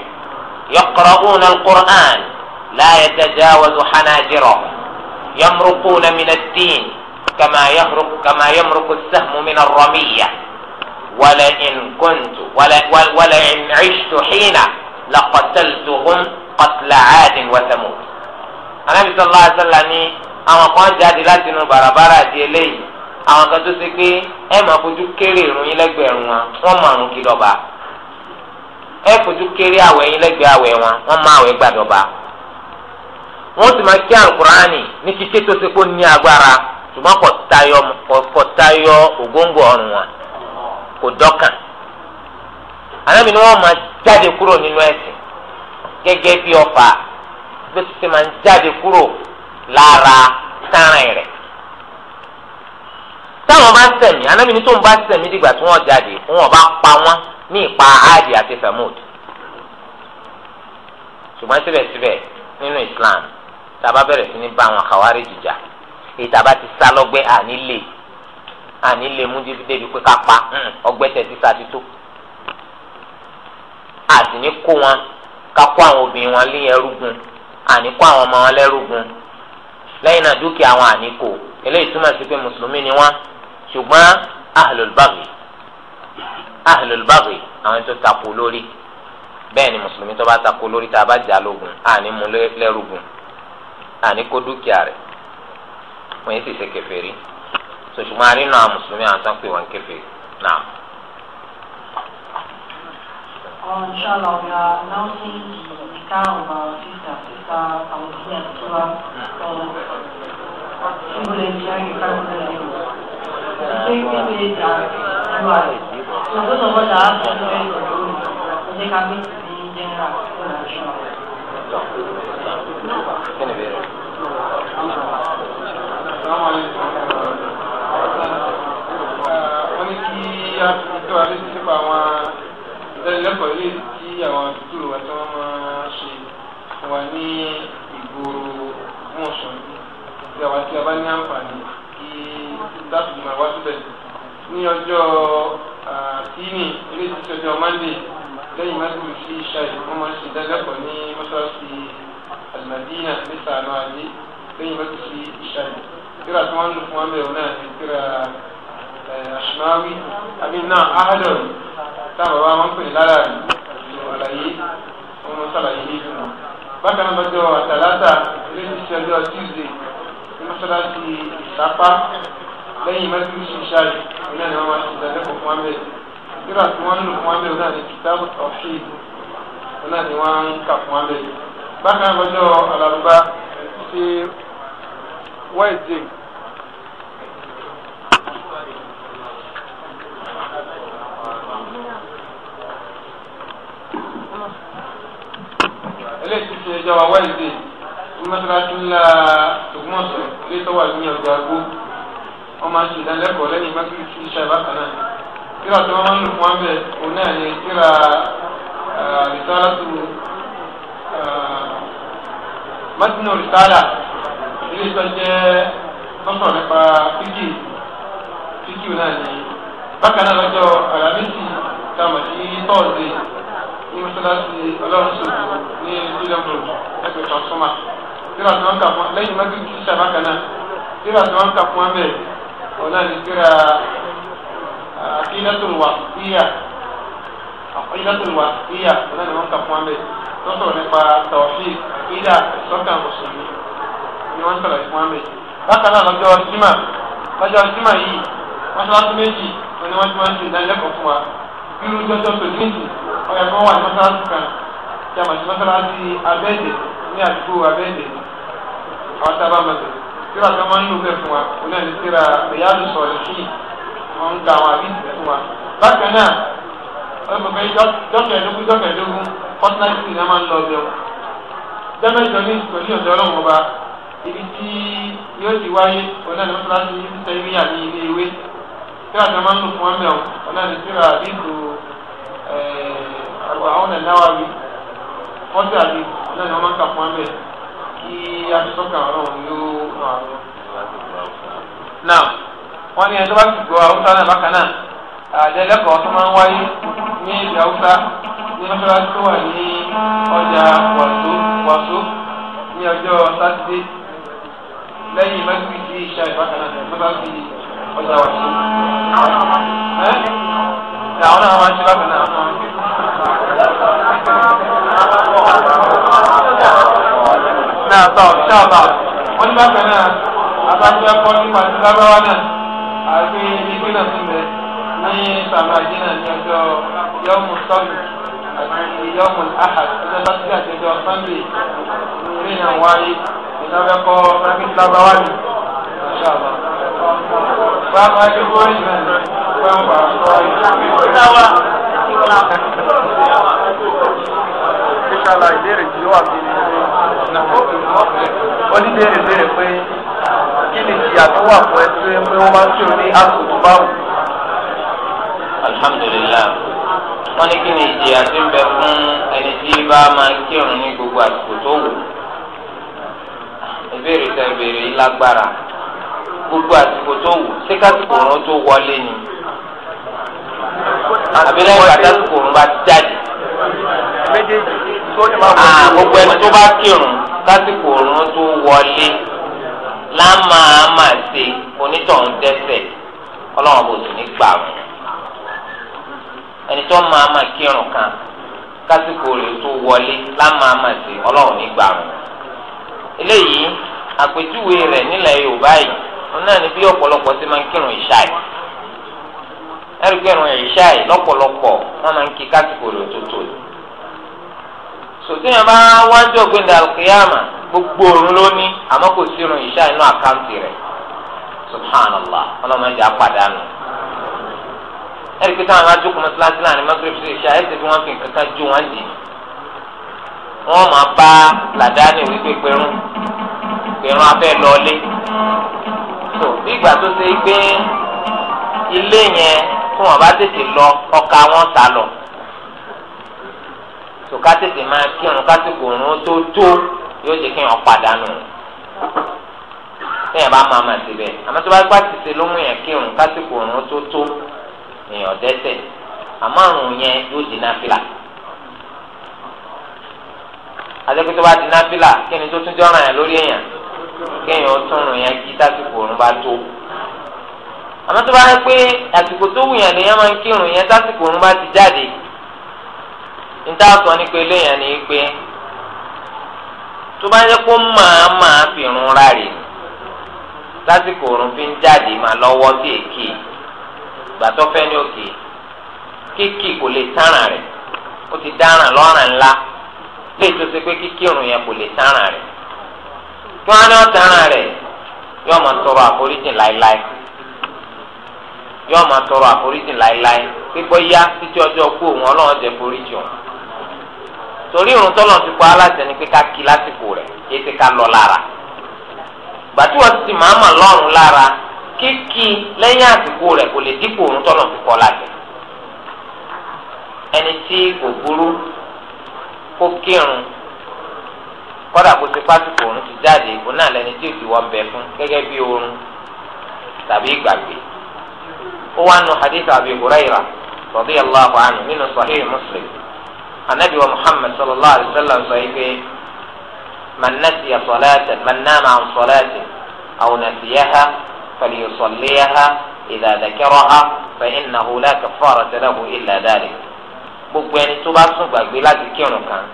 يقرؤون القرآن لا يتجاوز حناجرهم يمرقون من الدين كما يمرق كما يمرق السهم من الرمية ولئن كنت ولئن عشت حين لقتلتهم قتل عاد وثمود النبي صلى الله عليه وسلم أما قال جادي لازم تنو ديالي àwọn kan tó ṣe pé ẹ máa fojú kéré ìrun yín lẹ́gbẹ̀rún wọn wọ́n mọ àrùn kí dọ̀bà ẹ fojú kéré àwẹ̀ yín lẹ́gbẹ̀ẹ́ àwẹ̀ wọn wọ́n mọ àwẹ̀ gbà dọ̀bà wọ́n sì máa kí àlùkùránì ní kíké tó ṣe pé ó ní agbára ṣùgbọ́n kò tayọ kò tayọ ògóńgò kò dọ́kàn ni wọ́n máa jáde kúrò nínú ẹ̀sìn gẹ́gẹ́ bí ọfà bí ó ti táwọn bá ń sẹ̀mí anábì ní tó ń bá sẹ̀mí dìgbà tí wọ́n jáde fún ọba pa wọ́n ní ipa áàdì àti samud ṣùgbọ́n síbẹ̀síbẹ̀ nínú islam tá a bá bẹ̀rẹ̀ sí ní bá àwọn àkàwárí jìjà ìta bá ti sá lọ́gbẹ́ ànílé ànílé mú débi pé ká pa mm, ọgbẹ́ tẹ̀ ti sá ti tó àti ní kó wọn ká kó àwọn obìnrin wọn lé ẹrúgun àní kó àwọn ọmọ wọn lẹ́rúgun lẹ́yìn náà dúkìá wọn àní eléyìí túmọ̀ sí pé mùsùlùmí ni wọ́n ṣùgbọ́n ahlul baghi ahlul baghi àwọn tó takò lórí bẹ́ẹ̀ ni mùsùlùmí tó bá takò lórí tá a bá jà lógun àní mú lẹ́rùgùn àní kó dúkìá rẹ̀ wọ́n yẹn sì ṣe kèfèrí ṣùgbọ́n àrínú àwọn mùsùlùmí àwọn tó ń pè wọ́n kèfèrí náà. Uh, inshallah, we are announcing the nikah of our sister, sister Awudiya Tura, from Simule Jari Kanzela ìjà ọ̀rọ̀ rẹ̀. Ìṣàkóso bọ́dà á sọ pé òdòdó ọ̀sẹ̀ ká bí ti jẹ́nra ọ̀nà ìṣọ̀. Wọ́n ní kí a fi tó alẹ́ sí sípò àwọn ìdánilẹ́kọ̀ọ́ ilé tí àwọn àdúgbò wa tí wọ́n máa ṣe wà ní ìgboro mọ̀ọ́sán. Ìgbà wa tí a bá ní àǹfààní kí láti máa wá síbẹ̀ ní ọjọ́ tíìnì eré títí ọjọ́ mọ́ndé lẹ́yìn mọ́tò sí ṣáì wọ́n máa ń ṣe dálẹ́kọ̀ọ́ ní mọ́ṣáláṣí alimadina ní sàánú àdé lẹ́yìn mọ́tò sí ṣáì kíra tí wọ́n ń lò fún wọn bẹ̀rù náà ní kíra àṣìmáwí àbí náà áhàdọ̀ táwọn bàbá wọn pè lára àlàyé wọn mọ sàlàyé ní ìfúnná bákan náà lọ́jọ́ àtàlátà eré títí ọjọ́ tíìsì ní mọ́ṣáláṣí ìsápá lẹ́yìn mẹ́tí ṣíṣáì ìlànà ni wọ́n máa ṣe ìdánilẹ́kọ̀ọ́ fún amẹ́ nígbà tí wọ́n ń lò fún amẹ́ náà ni kìtàbù tawhid náà ni wọ́n ń kà fún amẹ́ bákan lọ́jọ́ alárúbá ṣe wẹ́ẹ̀dẹ̀ eléyìí ti ṣe ẹjọ́ wa wẹ́ẹ̀dẹ̀ ní wọ́n máa ń ṣe ìdánilẹ́kọ̀ọ́ lẹ́yìn mẹ́tìrì kí iṣẹ́ bákan náà kíra tí wọ́n máa ń lò fún abẹ́ òun náà ni kíra eh, rìsálà eh, tó mẹ́tìrì rìsálà ilé iṣẹ́ jẹ́ tọ́sọ̀ nípa fíkì fíkì náà ni bákan náà lọ́jọ́ àlàmísì táwọn ti tọ́ọ̀dé ní mọ́ṣáláṣí ọlọ́run ṣòkò ní ìdílọ́gbọ̀n ẹgbẹ̀ta sọ́mà kíra tí wọ́n kà fún lẹ́yìn mẹ́tìrì kí iṣẹ́ bákan náà kíra tí wọ́n kà fún abẹ́ ọ̀nà nìkíra àkínátùn ah, wà síyà àkínátùn wà síyà ọ̀nà ni wọ́n kà fún amẹ́ lọ́sọ̀rọ̀ nípa tàwọ́fì ìdá ìsọ́kà mùsùlùmí ni wọ́n sọ̀rọ̀ fún amẹ́. bákan náà lọ́jọ́ jimá lọ́jọ́ jimá yìí wọ́n ṣe wáṣọ méjì wọ́n ni wọ́n ti máa ń ṣe ìdánilẹ́kọ̀ọ́ fún wa irú jọjọ́ tó níjì ọ̀yà kan wà ní mọ́sálásí kan tí a mọ̀ sí mọ́sálásí abẹ́ẹ̀dẹ̀ ní àdúgbò abẹ́ẹ̀dẹ̀ àwọn tábà mọ́sálásí síra tí wọ́n máa ń lò bẹ́ẹ̀ fún wa òun náà ní síra ìyáàlú sọ̀rọ̀ sí wọn ń ga àwọn àbíyèsí fún wa. bákan náà ọ̀pẹ̀pẹ̀ jọ́kẹ̀ẹ́dógún jọ́kẹ̀ẹ́dógún fọ́tíláìtì náà máa ń lọ bẹ́ẹ̀ jẹ́mẹ́jọ ní ìsòrí ọ̀dọ́ ọlọ́run ọba ibi tí yóò ti wáyé òun náà ní mọ́tíláṣí ní sẹ́yìnríyà ní ilé ìwé síra tí wọ́n máa ń lò fún wọn mẹ́wọ̀n òun náà ní síra àbíkù àwọn ẹ̀dáwà mi fọ́tí àbíkù òun náà ní wọ́n máa ń kà fún wọn mẹ́ẹ̀ kí aṣọ́kà máa mú. náà wọ́n ní ẹni tó bá ti gbọ́ haúsá náà bákan náà àdẹ́lẹ́kọ̀ọ́ tó máa ń wáyé ní ìlú haúsá ní mọ́ṣáláṣí tó wà ní ọjà wàsó wàsó ní ọjọ́ sátidé lẹ́yìn mẹ́sìkì ìṣá ìbákan náà mọ́ṣáláṣí ọjà wàsó. àwọn náà máa ń ṣe bákan náà. Now, so, shout out wọ́n ní bákan náà abájọ́ ẹ̀kọ́ nípa ti lábáwá náà àti ẹgbẹ́ náà tún bẹ ní sàmà ìdí náà ní ọjọ́ yọmù sọ́ọ̀lù àti yọmù ahad ọjọ́ sátidé àti ọjọ́ sànńdé ìrìn náà wáyé ìdábẹ́kọ́ ẹgbẹ́ lábáwá ni ṣáàbà. bàbá àdúgbò ìgbà pàmpà sọ ìgbà. Inshallah ìbéèrè tí wà bí ní oníbèrè béèrè pé kí ni ìjìyà tó wà fún ẹ tó yẹ pé wọ́n máa ń kí o ní àsùnwó báwò. alhamdulilayi wọ́n ní kí ni ìjìyà tó ń bẹ fún ẹni tí bá máa ń kírun ní gbogbo àsìkò tó wù. ìbéèrè tẹ ìbéèrè yìí lágbára gbogbo àsìkò tó wù ṣé òun tó wọlé ni àbí lẹ́yìn àtàkùn òun bá jáde. Ah, gbogbo ẹni tó bá kírun lásìkò òórùn tó wọlé lámàámà ṣe onítọ̀hún dẹ́ṣẹ̀ ọlọ́run bò sí ní gbà wọn. ẹni tó máa máa kírun kan lásìkò rẹ̀ tó wọlé lámàámà ṣe ọlọ́run ní gbà wọn. eléyìí àpèjúwe rẹ̀ nílẹ̀ yorùbá yìí wọn náà ní bí ọ̀pọ̀lọpọ̀ ṣe máa ń kírun ìṣá yìí ẹrù kírun ìṣá yìí lọ́pọ̀lọpọ̀ wọn máa ń kí lásìkò rẹ̀ tó tó yìí. sòtìyàn bá wájú ọ̀gbìn dàlùkìyàmà gbogbo òun ló ní àmọ́ kò sí irun ìṣá inú àkáǹtì rẹ̀ subhanallah ọlọ́mọ ìjà pàdánù. ẹ̀rí pé táwọn máa jókòó náà ní sí ìṣá bí wọ́n fi nǹkan kan jó wọn jì. wọ́n máa bá làdáni wípé pẹ̀rún pẹ̀rún abẹ́ lọ́ọ́lé. tó ìgbà tó ṣe pé ilé yẹn tí wọ́n bá tètè lọ tó ká tètè máa kírun kásìkò òun tó tó yóò jẹ́ kí wọ́n padànù téèyàn bá máa máa síbẹ̀ àmọ́ tó bá gbà tètè ló mú yẹn kírun kásìkò òun tó tó èèyàn dẹ́sẹ̀ àmọ́ àrùn yẹn yóò di náfìlà àdékù tó bá di náfìlà kí ni tó tún jọ́ràn yẹn lórí èèyàn kéèyàn ó tún rùn yẹn kí tásìkò òun bá tó àmọ́ tó bá yẹ pé àsìkò tó wù yẹn lèèyàn máa ń kírun yẹn tásìkò òun bá ti jáde níta sọ ní pé léèyàn ni pé tó bá yẹ kó máa máa fi irun ráre ni lásìkò òrùn fi ń jáde máa lọ́wọ́ sí èké gbàtọ́fẹ́ ní òkè kíkì kò lè tánràn rẹ̀ ó ti dáràn lọ́ràn ńlá lè tó ṣe pé kíkì òrùn yẹn kò lè tánràn rẹ̀ kí wọ́n á ní ọ̀tánràn rẹ̀ yóò máa tọrọ àforíjì láéláé yóò máa tọrọ àforíjì láéláé pípọ́ yá títí ọjọ́ kú òun ọlọ́run jẹ́ foríjì òun torí irun tọ́lọ̀ ti pa aláṣẹ ni pé ká kí lásìkò rẹ̀ kí ti ká lọ lára gbàtí wọ́n ti màmá lọ́rùn lára kíkí lẹ́yìn àsìkò rẹ̀ kò lè dípò irun tọ́lọ̀ ti kọ́ láṣẹ ẹni tí kò burú kó kírun kọ́dà kó ti pásítọ̀ òun ti jáde òun náà lẹni tí òsì wọ́n bẹ fún gẹ́gẹ́ bí oorun tàbí ìgbàgbé ó wá nu hadith Abi Hurairah radiyallahu anhu nínú Sahih Muslim anabi wa muhammad sallallahu alayhi wa sallam sọ yìí pé man nasiya salatan man nama an salatin aw nasiyaha falyusalliyaha idha dhakaraha fa innahu la kaffarata lahu illa dhalik gbogbo ẹni tó bá sùn gbàgbé láti kírun kan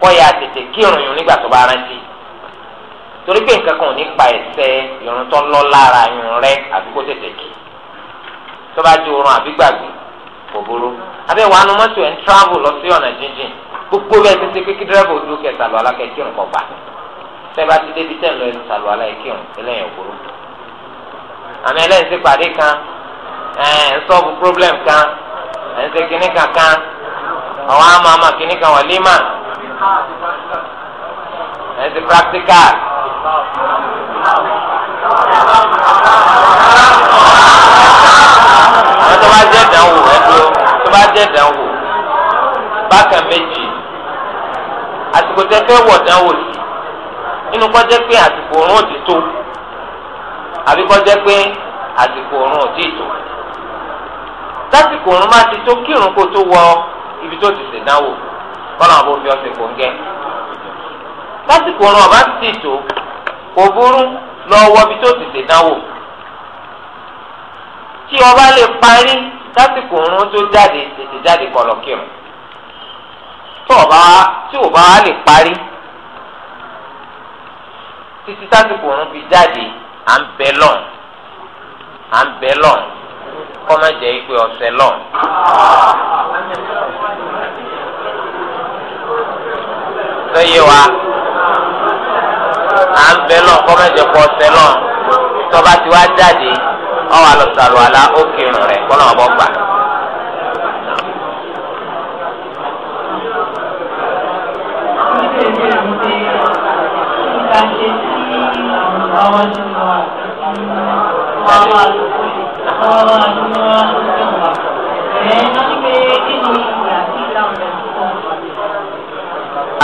kó yá tètè kírun yìí nígbà tó bá rántí torí pé nǹkan kan ò ní pa ẹsẹ̀ irun tó lára irun rẹ̀ àbí kó tètè kí tó bá di oorun àbí gbàgbé kò burú abẹ́ wàá nu mọ́tò ẹ̀ ń travel lọ sí ọ̀nà jíjìn gbogbo bẹ́ẹ̀ ti pé kí dírẹ́bù ojú kẹ sàlù alákẹ́ kí òun kọ̀ gbà ti débi tẹ́ lọ sàlù alákẹ́ kí òun eléyàn àmì ẹlẹ́yìn ti pàdé kan ẹ̀ ń sọ́ọ̀bù problem kan ẹ̀ ń ṣe kinní kan kan àwọn àmọ́ àmọ́ kinní kan wà límà ẹ̀ ń ṣe practical àwọn tó bá jẹ́ ìdánwò ẹ̀dọ́ tó bá jẹ́ ìdánwò bákan méjì àsìkò tẹ fẹ́ wọ̀ dánwò sí nínú kọ́ jẹ́ pé àsìkò òórùn ò ti tó àbí kọ́ jẹ́ pé àsìkò òórùn ò ti tó lásìkò òórùn máa ti tó kírun kó tó wọ ibi tó ti ṣèdánwò kọ́nà àbò fi ọ̀sẹ̀ kò ń gẹ́ lásìkò òórùn ọ̀bá ti tó kò burú lọ wọ ibi tó ti ṣèdánwò tí ọba lè parí lásìkò òun tó jáde tètè jáde kọlọ kírun tí ọba tí ọba lè parí títí sásìkò òun fi jáde à ń bẹ lọ́n à ń bẹ lọ́n kọ́ má jẹ́ ipe ọ̀sẹ̀ lọ́n. sẹ́yẹ wa à ń bẹ lọ́n kọ́ má jẹ́ pọ̀ ọ̀sẹ̀ lọ́n tọ́ba ti wá jáde ọwọ́ àlọ́sàlù àlá ó kírun rẹ̀ kọ́nà ọ̀bọ̀ gbà.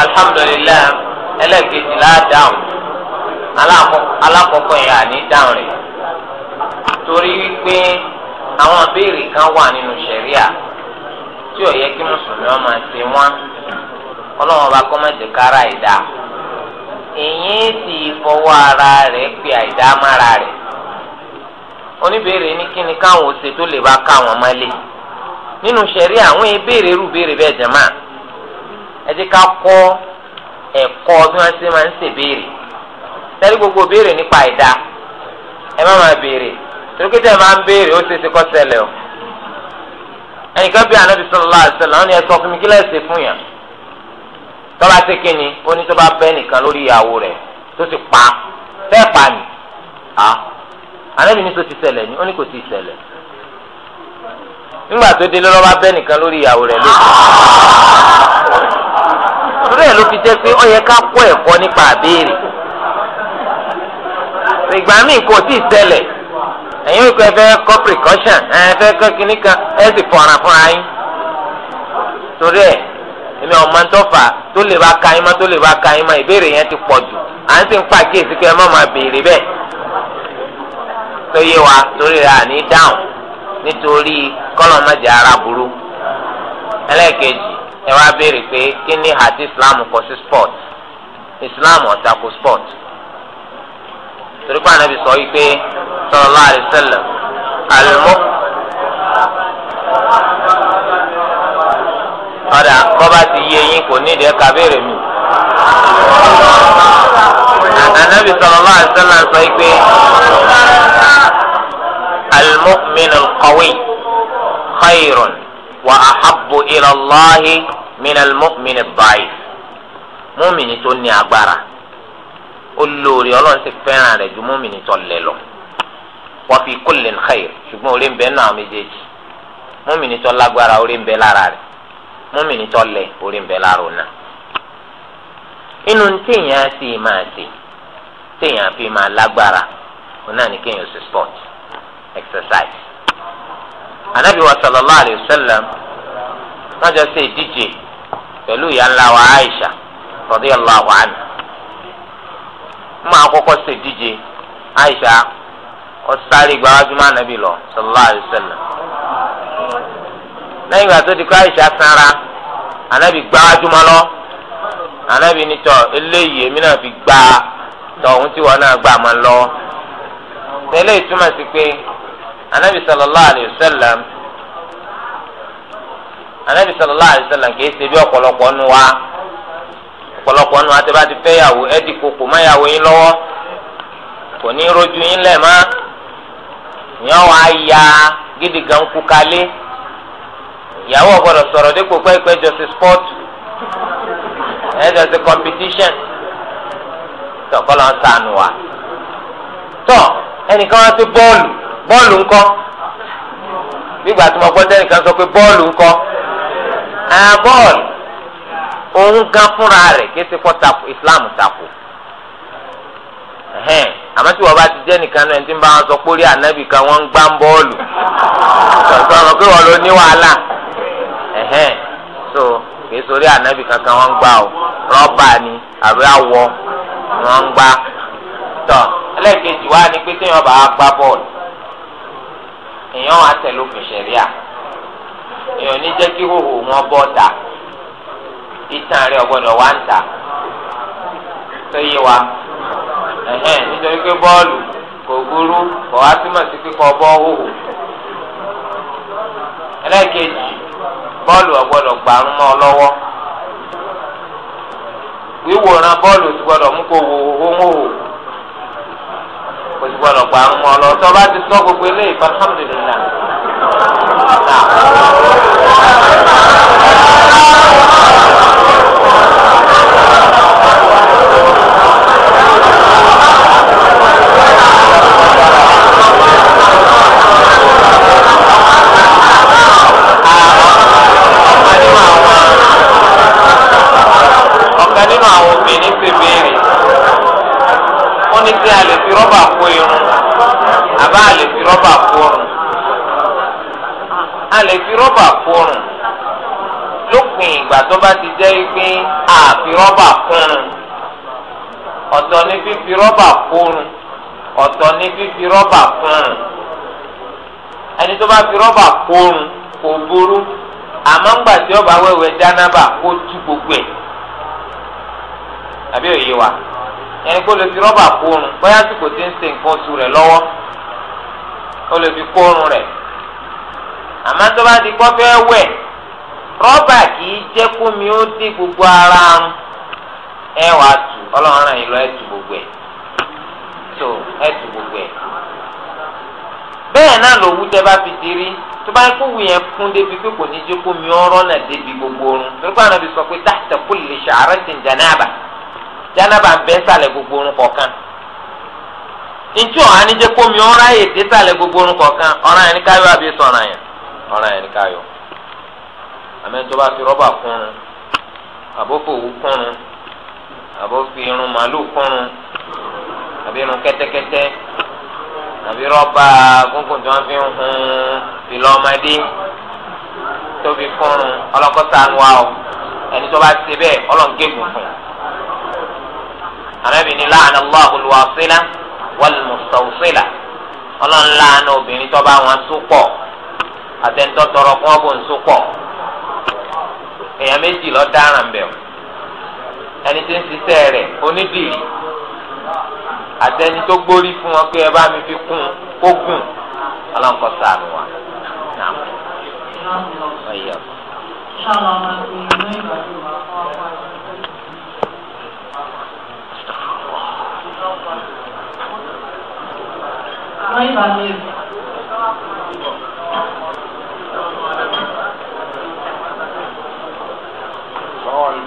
alhamdulilayi ẹlẹ́kejì la dáhùn alákọ̀ọ́kọ́ yẹn àní dáhùn rẹ̀. torí wípé àwọn ìbéèrè kan wà nínú sharia tí ò yẹ kí mùsùlùmí wọn máa wọn ọlọ́run ọba kọ́mọ̀tì kára ìdá èyí sì fọwọ́ ara rẹ̀ pe àìdá mára rẹ̀ oníbèrè ní kí ni káwọn ọ̀sẹ̀ tó lè bá káwọn nínú àwọn ìbéèrè rú béèrè bẹ́ẹ̀ ẹ ká kọ́ ẹ̀kọ́ bí wọ́n gbogbo béèrè nípa àìdá ẹ má máa béèrè tòkítà máa ń béèrè ó ṣeéṣe kọ́ ṣẹlẹ̀ o ẹnìkan bí anabi sallallahu alaihi wasallam ni ẹ sọ fún mi kí lẹ́sẹ̀ fún yàn tọ́ba ṣe kí ni ó ní tó bá bẹ́ nìkan lórí ìyàwó rẹ̀ tó ti pa bẹ́ẹ̀ pa ni a anabi ní tó ti ṣẹlẹ̀ ni ó ní kò ti ṣẹlẹ̀ nígbà tó délé lọ́ba bẹ́ nìkan lórí ìyàwó rẹ̀ lóṣù torí ẹ̀ ló fi jẹ́ pé ó yẹ ká kọ́ ẹ̀kọ́ nípa àbéèrè ìgbà míì kò tí ì ṣẹlẹ̀ ẹ̀yin ò fẹ́ kọ́ precaution ẹ̀ fẹ́ kọ́ kínní kan ẹ̀ sì fọ̀ràn fúnra yín torí ẹ̀ èmi ọ̀ma tó fà tó lè bá ka yín má tó lè bá ka yín má ìbéèrè yẹn ti pọ̀ jù à ń sì ń pa kíyèsí pé ẹ má máa béèrè bẹ́ẹ̀ tó yé wa torí rẹ̀ àní dáhùn nítorí kọ́lọ̀ ara burú ẹlẹ́ẹ̀kejì ẹ wá béèrè pé kí ni àti Islam kọ sí sport Islam ò tako sport torí pé ànábì sọ wípé sallallahu alaihi wasallam àlùmọ́. ọ̀dà bọ́ba ti yé yín kò ní ìdíyẹ kábéèrè mi. ànábì sallallahu alaihi wasallam sọ wípé al-mu'min al-qawi khayrun wa ahabbu ila Allahi min al-mu'min ad-da'if. múmìnì tó ní agbára olóore ọlọ́run ti fẹ́ràn rẹ̀ ju mọ́mìnì tó lẹ̀ lọ wọ́n fi kullin khair ṣùgbọ́n orí ń bẹ náà méjèèjì mọ́mìnì tó lágbára orí ń bẹ lára rẹ̀ mọ́mìnì tó lẹ̀ orí ń bẹ lára òun náà. inú téèyàn sì máa ṣe téèyàn fi máa lágbára òun náà ní kéèyàn ṣe sport exercise. anabi wa sallallahu alayhi wa sallam wọ́n jọ ṣe ìdíje pẹ̀lú ìyá ńlá wa Aisha radiyallahu anha. akwụkwọ kọ́kọ́ ṣèdíje Aisha ọ̀sáré gbàwájú máa anabi lọ sallallahu alaihi wasallam lẹ́yìn ìgbà tó di kọ́ Aisha sara anabi gbàwájú máa lọ anabi nítọ̀ eléyìí èmi náà fi gbà tọ̀hún tí wọn náà gbà máa lọ tẹ́lẹ̀ ìtumọ̀ sí pé anabi sallallahu alaihi anabi sallallahu alaihi wasallam ṣe bí nu wa. ọ̀pọ̀lọpọ̀ nu àti bá ti fẹ́ yàwó ẹ di koko má yàwó yín lọ́wọ́ kò ní rojú yín lẹ̀ má yàn wá ya gidi gan kú kalẹ̀ ìyàwó ọ̀gbọ́dọ̀ sọ̀rọ̀ dípò pẹ́ẹ́pẹ́ jọ sí ẹ jọ sí competition tọ̀kọ́lọ́ ń sànù wa tọ́ ẹnìkan wá sí bọ́ọ̀lù bọ́ọ̀lù ńkọ́ nígbà tí mo gbọ́ sọ pé bọ́ọ̀lù ńkọ́ àà bọ́ọ̀lù. òun gan fúnra rẹ̀ kése kọ́ tako islam tako àmọ́ tí wọ́n bá ti jẹ́ nìkan náà ẹni tí ń bá wọn sọ pé orí ànábì kan wọ́n ń gbá ń bọ́ọ̀lù so kìí sọ orí ànábì kankan wọ́n ń gbá o rọ́bà ni àbí awọ wọ́n ń gbá tọ́ ẹlẹ́ẹ̀kejì wá ni pé téèyàn bá gbá bọ́ọ̀lù èèyàn wá tẹ̀lé òfin ṣẹ̀ríà èèyàn ní jẹ́ kí hòhò ìtàn rẹ ọgbọdọ wanta ń tà tó yé wa nítorí pé bọ́ọ̀lù kò burú kò wá túmọ̀ sí bọ́ọ̀hù ẹlẹ́ẹ̀kejì bọ́ọ̀lù ọgbọdọ gbàrún mọ́ ọ lọ́wọ́ wíwòran bọ́ọ̀lù ti gbọdọ̀ mú kó kò gbọdọ̀ gbàrún mọ́ ọ lọ tó bá ti sọ gbogbo eléyìí fún alhamdulilayi. rọ́bà kúrun ọ̀tọ̀ ní fífi rọ́bà kúrun ẹni tó bá fi rọ́bà kúrun kò burú àmọ́ tí ọba wẹ̀wẹ̀ jánábà kó tú gbogbo ẹ̀ àbí òye kó lè fi rọ́bà bóyá tí kò ti ń nǹkan oṣù rẹ̀ lọ́wọ́ ó lè fi rẹ̀ àmọ́ tó bá di wẹ̀ rọ́bà kìí gbogbo ẹ̀. tó ẹtù gbogbo ẹ bẹ́ẹ̀ náà lòwú tẹ bá fi ti rí tó bá kó wù yẹn kún débi pé kò ní jẹ́ kó mi ọ̀rọ̀ náà débi gbogbo oorun torí pé ànábi sọ pé tahta kulli sha'ratin janaba janaba ń bẹ sàlẹ̀ gbogbo oorun kọ̀ọ̀kan ntí ọ̀hán ní jẹ́ kó mi ọ̀rọ̀ ayé dé sàlẹ̀ gbogbo oorun kọ̀ọ̀kan ọ̀ràn yẹn ní káyọ̀ àbí sọ ọ̀ràn yẹn ọ̀ràn yẹn ní káyọ̀ àmì tó bá fi rọ́bà kúnrun àbófòwú kúnrun àbófi irun màálù kúnrun àbí irun kẹ́tẹ́kẹ́tẹ́ àbí rọ́bà gúngùn tí wọ́n fi ń hun ìlọ ọmọdé tóbi fúnrun ọlọ́kọ́sá nu wa o ẹni tó bá ṣe bẹ́ẹ̀ ọlọ́ngẹ́gùn fún un. àmọ́ ìbìnrin láàánú lọ́ọ̀hùn lùwà sílá wọ́lùmùsọ̀ọ́sílà ọlọ́ńláàánú obìnrin tó bá wọn tó pọ̀ àtẹnudọ́ tọrọ fún ọgbọ̀n tó pọ̀ èèyàn méjì lọ́ọ́ dáràn bẹ̀ ẹni tí ń ṣiṣẹ́ rẹ̀ onídìrí àtẹni tó gbórí fún wọn pé ẹ bá mi fi kún kó gùn ọlọ́nkọ sànù wa. السلام عليكم ورحمة الله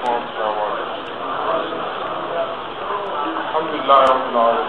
وبركاته الحمد لله رب العالمين